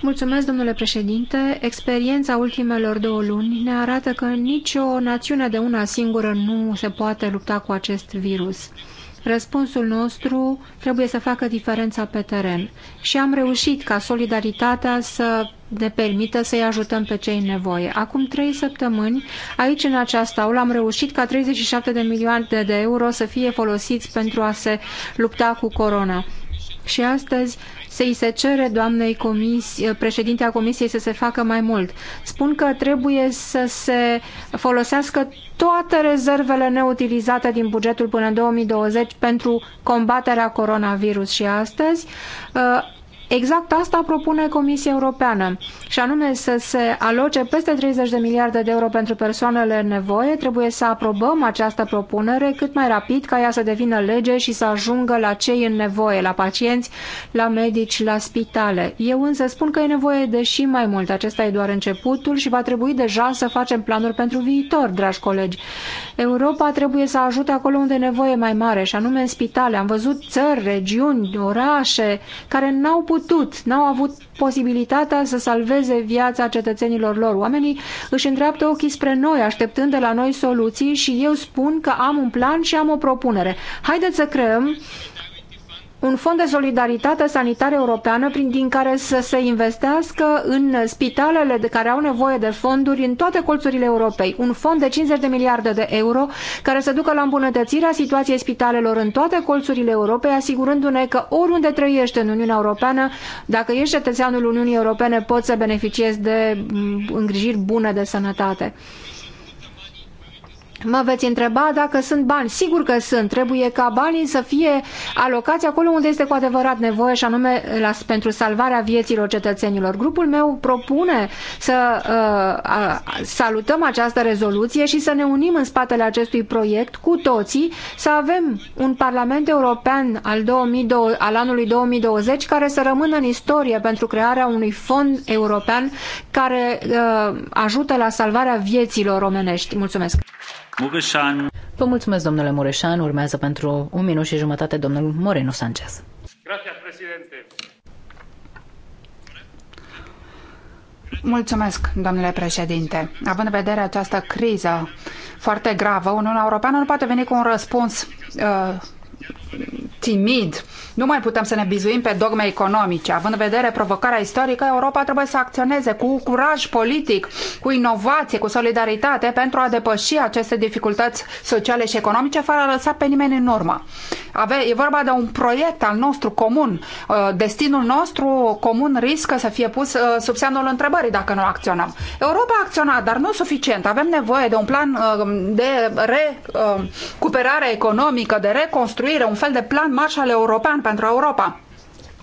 Mulțumesc,
domnule președinte. Experiența ultimelor două luni ne arată că nicio națiune de una singură nu se poate lupta cu acest virus. Răspunsul nostru trebuie să facă diferența pe teren și am reușit ca solidaritatea să ne permită să-i ajutăm pe cei în nevoie. Acum trei săptămâni, aici în această aulă, am reușit ca 37 de milioane de euro să fie folosiți pentru a se lupta cu corona. Și astăzi se îi se cere doamnei comis, președintea comisiei să se facă mai mult. Spun că trebuie să se folosească toate rezervele neutilizate din bugetul până în 2020 pentru combaterea coronavirus și astăzi Exact asta propune Comisia Europeană, și anume să se aloce peste 30 de miliarde de euro pentru persoanele în nevoie. Trebuie să aprobăm această propunere cât mai rapid ca ea să devină lege și să ajungă la cei în nevoie, la pacienți, la medici, la spitale. Eu însă spun că e nevoie de și mai mult. Acesta e doar începutul și va trebui deja să facem planuri pentru viitor, dragi colegi. Europa trebuie să ajute acolo unde e nevoie mai mare, și anume în spitale. Am văzut țări, regiuni, orașe care n-au putut putut, n-au avut posibilitatea să salveze viața cetățenilor lor. Oamenii își îndreaptă ochii spre noi, așteptând de la noi soluții și eu spun că am un plan și am o propunere. Haideți să creăm un fond de solidaritate sanitară europeană prin din care să se investească în spitalele de care au nevoie de fonduri în toate colțurile Europei. Un fond de 50 de miliarde de euro care să ducă la îmbunătățirea situației spitalelor în toate colțurile Europei, asigurându-ne că oriunde trăiești în Uniunea Europeană, dacă ești cetățeanul Uniunii Europene, poți să beneficiezi de mm, îngrijiri bune de sănătate. Mă veți întreba dacă sunt bani. Sigur că sunt. Trebuie ca banii să fie alocați acolo unde este cu adevărat nevoie și anume la, pentru salvarea vieților cetățenilor. Grupul meu propune să uh, a, salutăm această rezoluție și să ne unim în spatele acestui proiect cu toții, să avem un Parlament European al, 2020, al anului 2020 care să rămână în istorie pentru crearea unui fond
european care uh, ajută la salvarea vieților omenești. Mulțumesc! Mureșan. Vă mulțumesc, domnule Mureșan. Urmează pentru un minut și jumătate domnul Moreno Sanchez. Gracias, președinte.
Mulțumesc, domnule președinte. Având în vedere această criză foarte gravă, Uniunea Europeană nu poate veni cu un răspuns uh, timid. Nu mai putem să ne bizuim pe dogme economice. Având în vedere provocarea istorică, Europa trebuie să acționeze cu curaj politic, cu inovație, cu solidaritate pentru a depăși aceste dificultăți sociale și economice fără a lăsa pe nimeni în urmă. Ave, e vorba de un proiect al nostru comun. Uh, destinul nostru comun riscă să fie pus uh, sub semnul întrebării dacă nu acționăm. Europa a acționat, dar nu suficient. Avem nevoie de un plan uh, de recuperare economică, de reconstruire, un fel fel de plan Marshall european pentru Europa.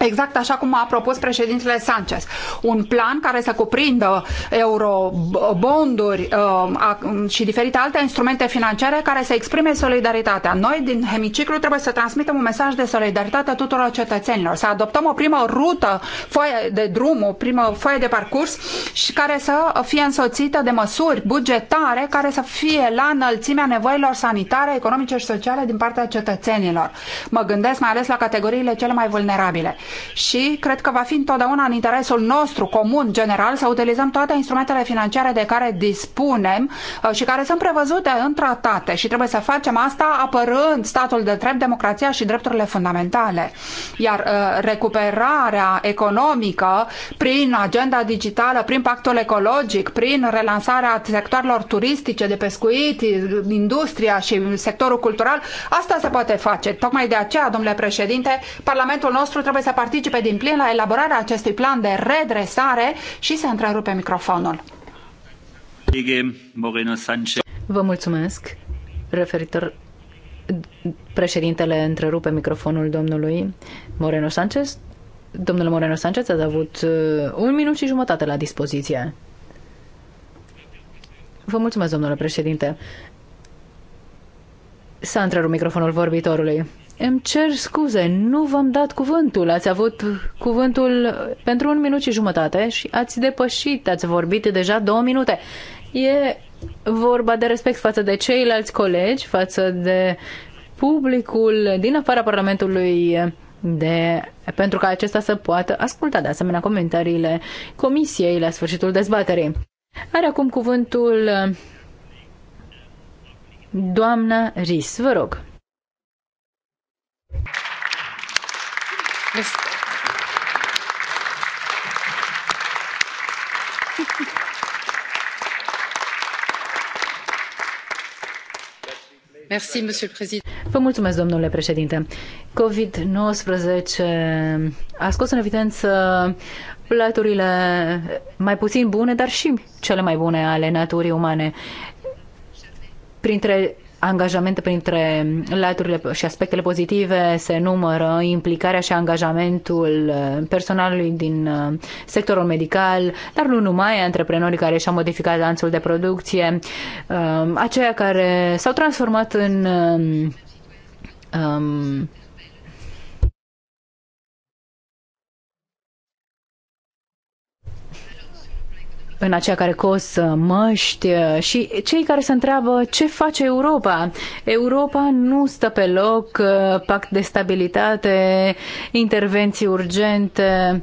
Exact așa cum a propus președintele Sanchez. Un plan care să cuprindă eurobonduri uh, și diferite alte instrumente financiare care să exprime solidaritatea. Noi din hemiciclu trebuie să transmitem un mesaj de solidaritate tuturor cetățenilor, să adoptăm o primă rută, foaie de drum, o primă foaie de parcurs și care să fie însoțită de măsuri bugetare care să fie la înălțimea nevoilor sanitare, economice și sociale din partea cetățenilor. Mă gândesc mai ales la categoriile cele mai vulnerabile și cred că va fi întotdeauna în interesul nostru comun, general, să utilizăm toate instrumentele financiare de care dispunem uh, și care sunt prevăzute în tratate și trebuie să facem asta apărând statul de drept, democrația și drepturile fundamentale. Iar uh, recuperarea economică prin agenda digitală, prin pactul ecologic, prin relansarea sectoarelor turistice, de pescuit, industria și sectorul cultural, asta se poate face. Tocmai de aceea, domnule președinte, Parlamentul nostru trebuie să participe din plin la elaborarea acestui plan de redresare
și se întrerupe microfonul. Vă mulțumesc. Referitor președintele întrerupe microfonul domnului Moreno Sanchez. Domnule Moreno Sanchez, ați avut uh, un minut și jumătate la dispoziție. Vă mulțumesc, domnule președinte. S-a întrerupt microfonul vorbitorului. Îmi cer scuze, nu v-am dat cuvântul. Ați avut cuvântul pentru un minut și jumătate și ați depășit, ați vorbit deja două minute. E vorba de respect față de ceilalți colegi, față de publicul din afara Parlamentului de, pentru ca acesta să poată asculta de asemenea comentariile comisiei la sfârșitul dezbaterii. Are acum cuvântul doamna Ris, vă rog. Vă mulțumesc, domnule președinte. COVID-19 a scos în evidență laturile mai puțin bune, dar și cele mai bune ale naturii umane. Printre angajamente printre laturile și aspectele pozitive se numără implicarea și angajamentul uh, personalului din uh, sectorul medical, dar nu numai antreprenorii care și-au modificat lanțul de producție, uh, aceia care s-au transformat în um, um în aceea care costă uh, măști uh, și cei care se întreabă ce face Europa. Europa nu stă pe loc, uh, pact de stabilitate, intervenții urgente,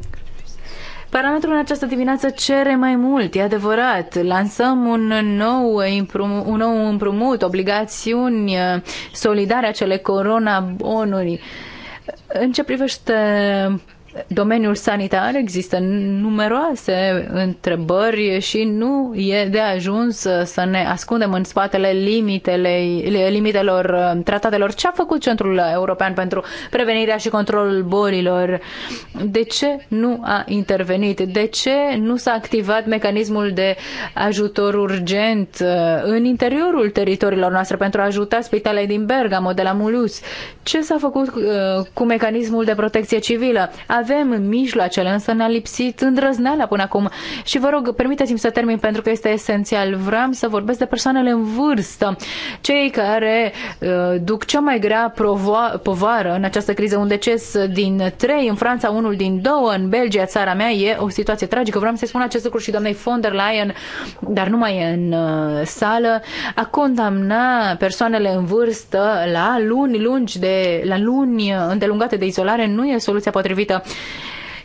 Parametrul în această dimineață cere mai mult, e adevărat. Lansăm un nou, împrum, un nou împrumut, obligațiuni solidare, acele corona bonuri. În ce privește domeniul sanitar există numeroase întrebări și nu e de ajuns să ne ascundem în spatele limitele, limitelor uh, tratatelor. Ce a făcut Centrul European pentru prevenirea și controlul bolilor? De ce nu a intervenit? De ce nu s-a activat mecanismul de ajutor urgent uh, în interiorul teritoriilor noastre pentru a ajuta spitalele din Bergamo, de la Mulus? Ce s-a făcut uh, cu mecanismul de protecție civilă? Avem avem în mijloacele, însă ne-a lipsit îndrăzneala până acum. Și vă rog, permiteți-mi să termin pentru că este esențial. Vreau să vorbesc de persoanele în vârstă, cei care uh, duc cea mai grea povară în această criză, un deces din trei în Franța, unul din două în Belgia, țara mea, e o situație tragică. Vreau să spun acest lucru și doamnei von der Leyen, dar nu e în uh, sală, a condamna persoanele în vârstă la luni lungi de, la luni îndelungate de izolare nu e soluția potrivită.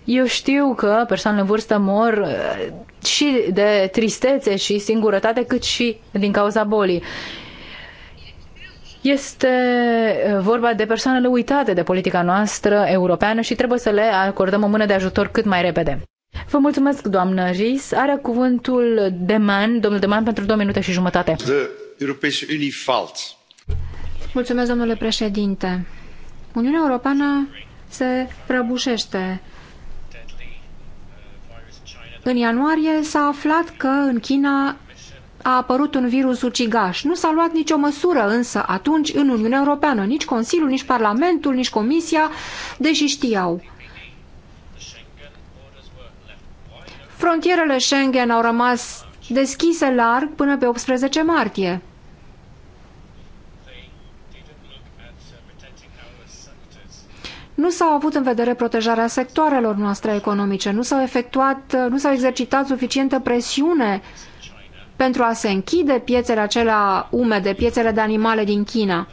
Eu știu că persoanele în vârstă mor uh, și de tristețe și singurătate, cât și din cauza bolii. Este uh, vorba de persoanele uitate de politica noastră europeană și trebuie să le acordăm o mână de ajutor cât mai repede. Vă mulțumesc, doamnă Ris. Are cuvântul Deman, domnul Deman, pentru două minute și jumătate. Mulțumesc, domnule președinte. Uniunea Europeană
se prăbușește. În ianuarie s-a aflat că în China a apărut un virus ucigaș. Nu s-a luat nicio măsură însă atunci în Uniunea Europeană, nici Consiliul, nici Parlamentul, nici Comisia, deși știau. Frontierele Schengen au rămas deschise larg până pe 18 martie. nu s-au avut în vedere protejarea sectoarelor noastre economice, nu s-au efectuat, nu s-au exercitat suficientă presiune pentru a se închide piețele acelea umede, piețele de animale din China.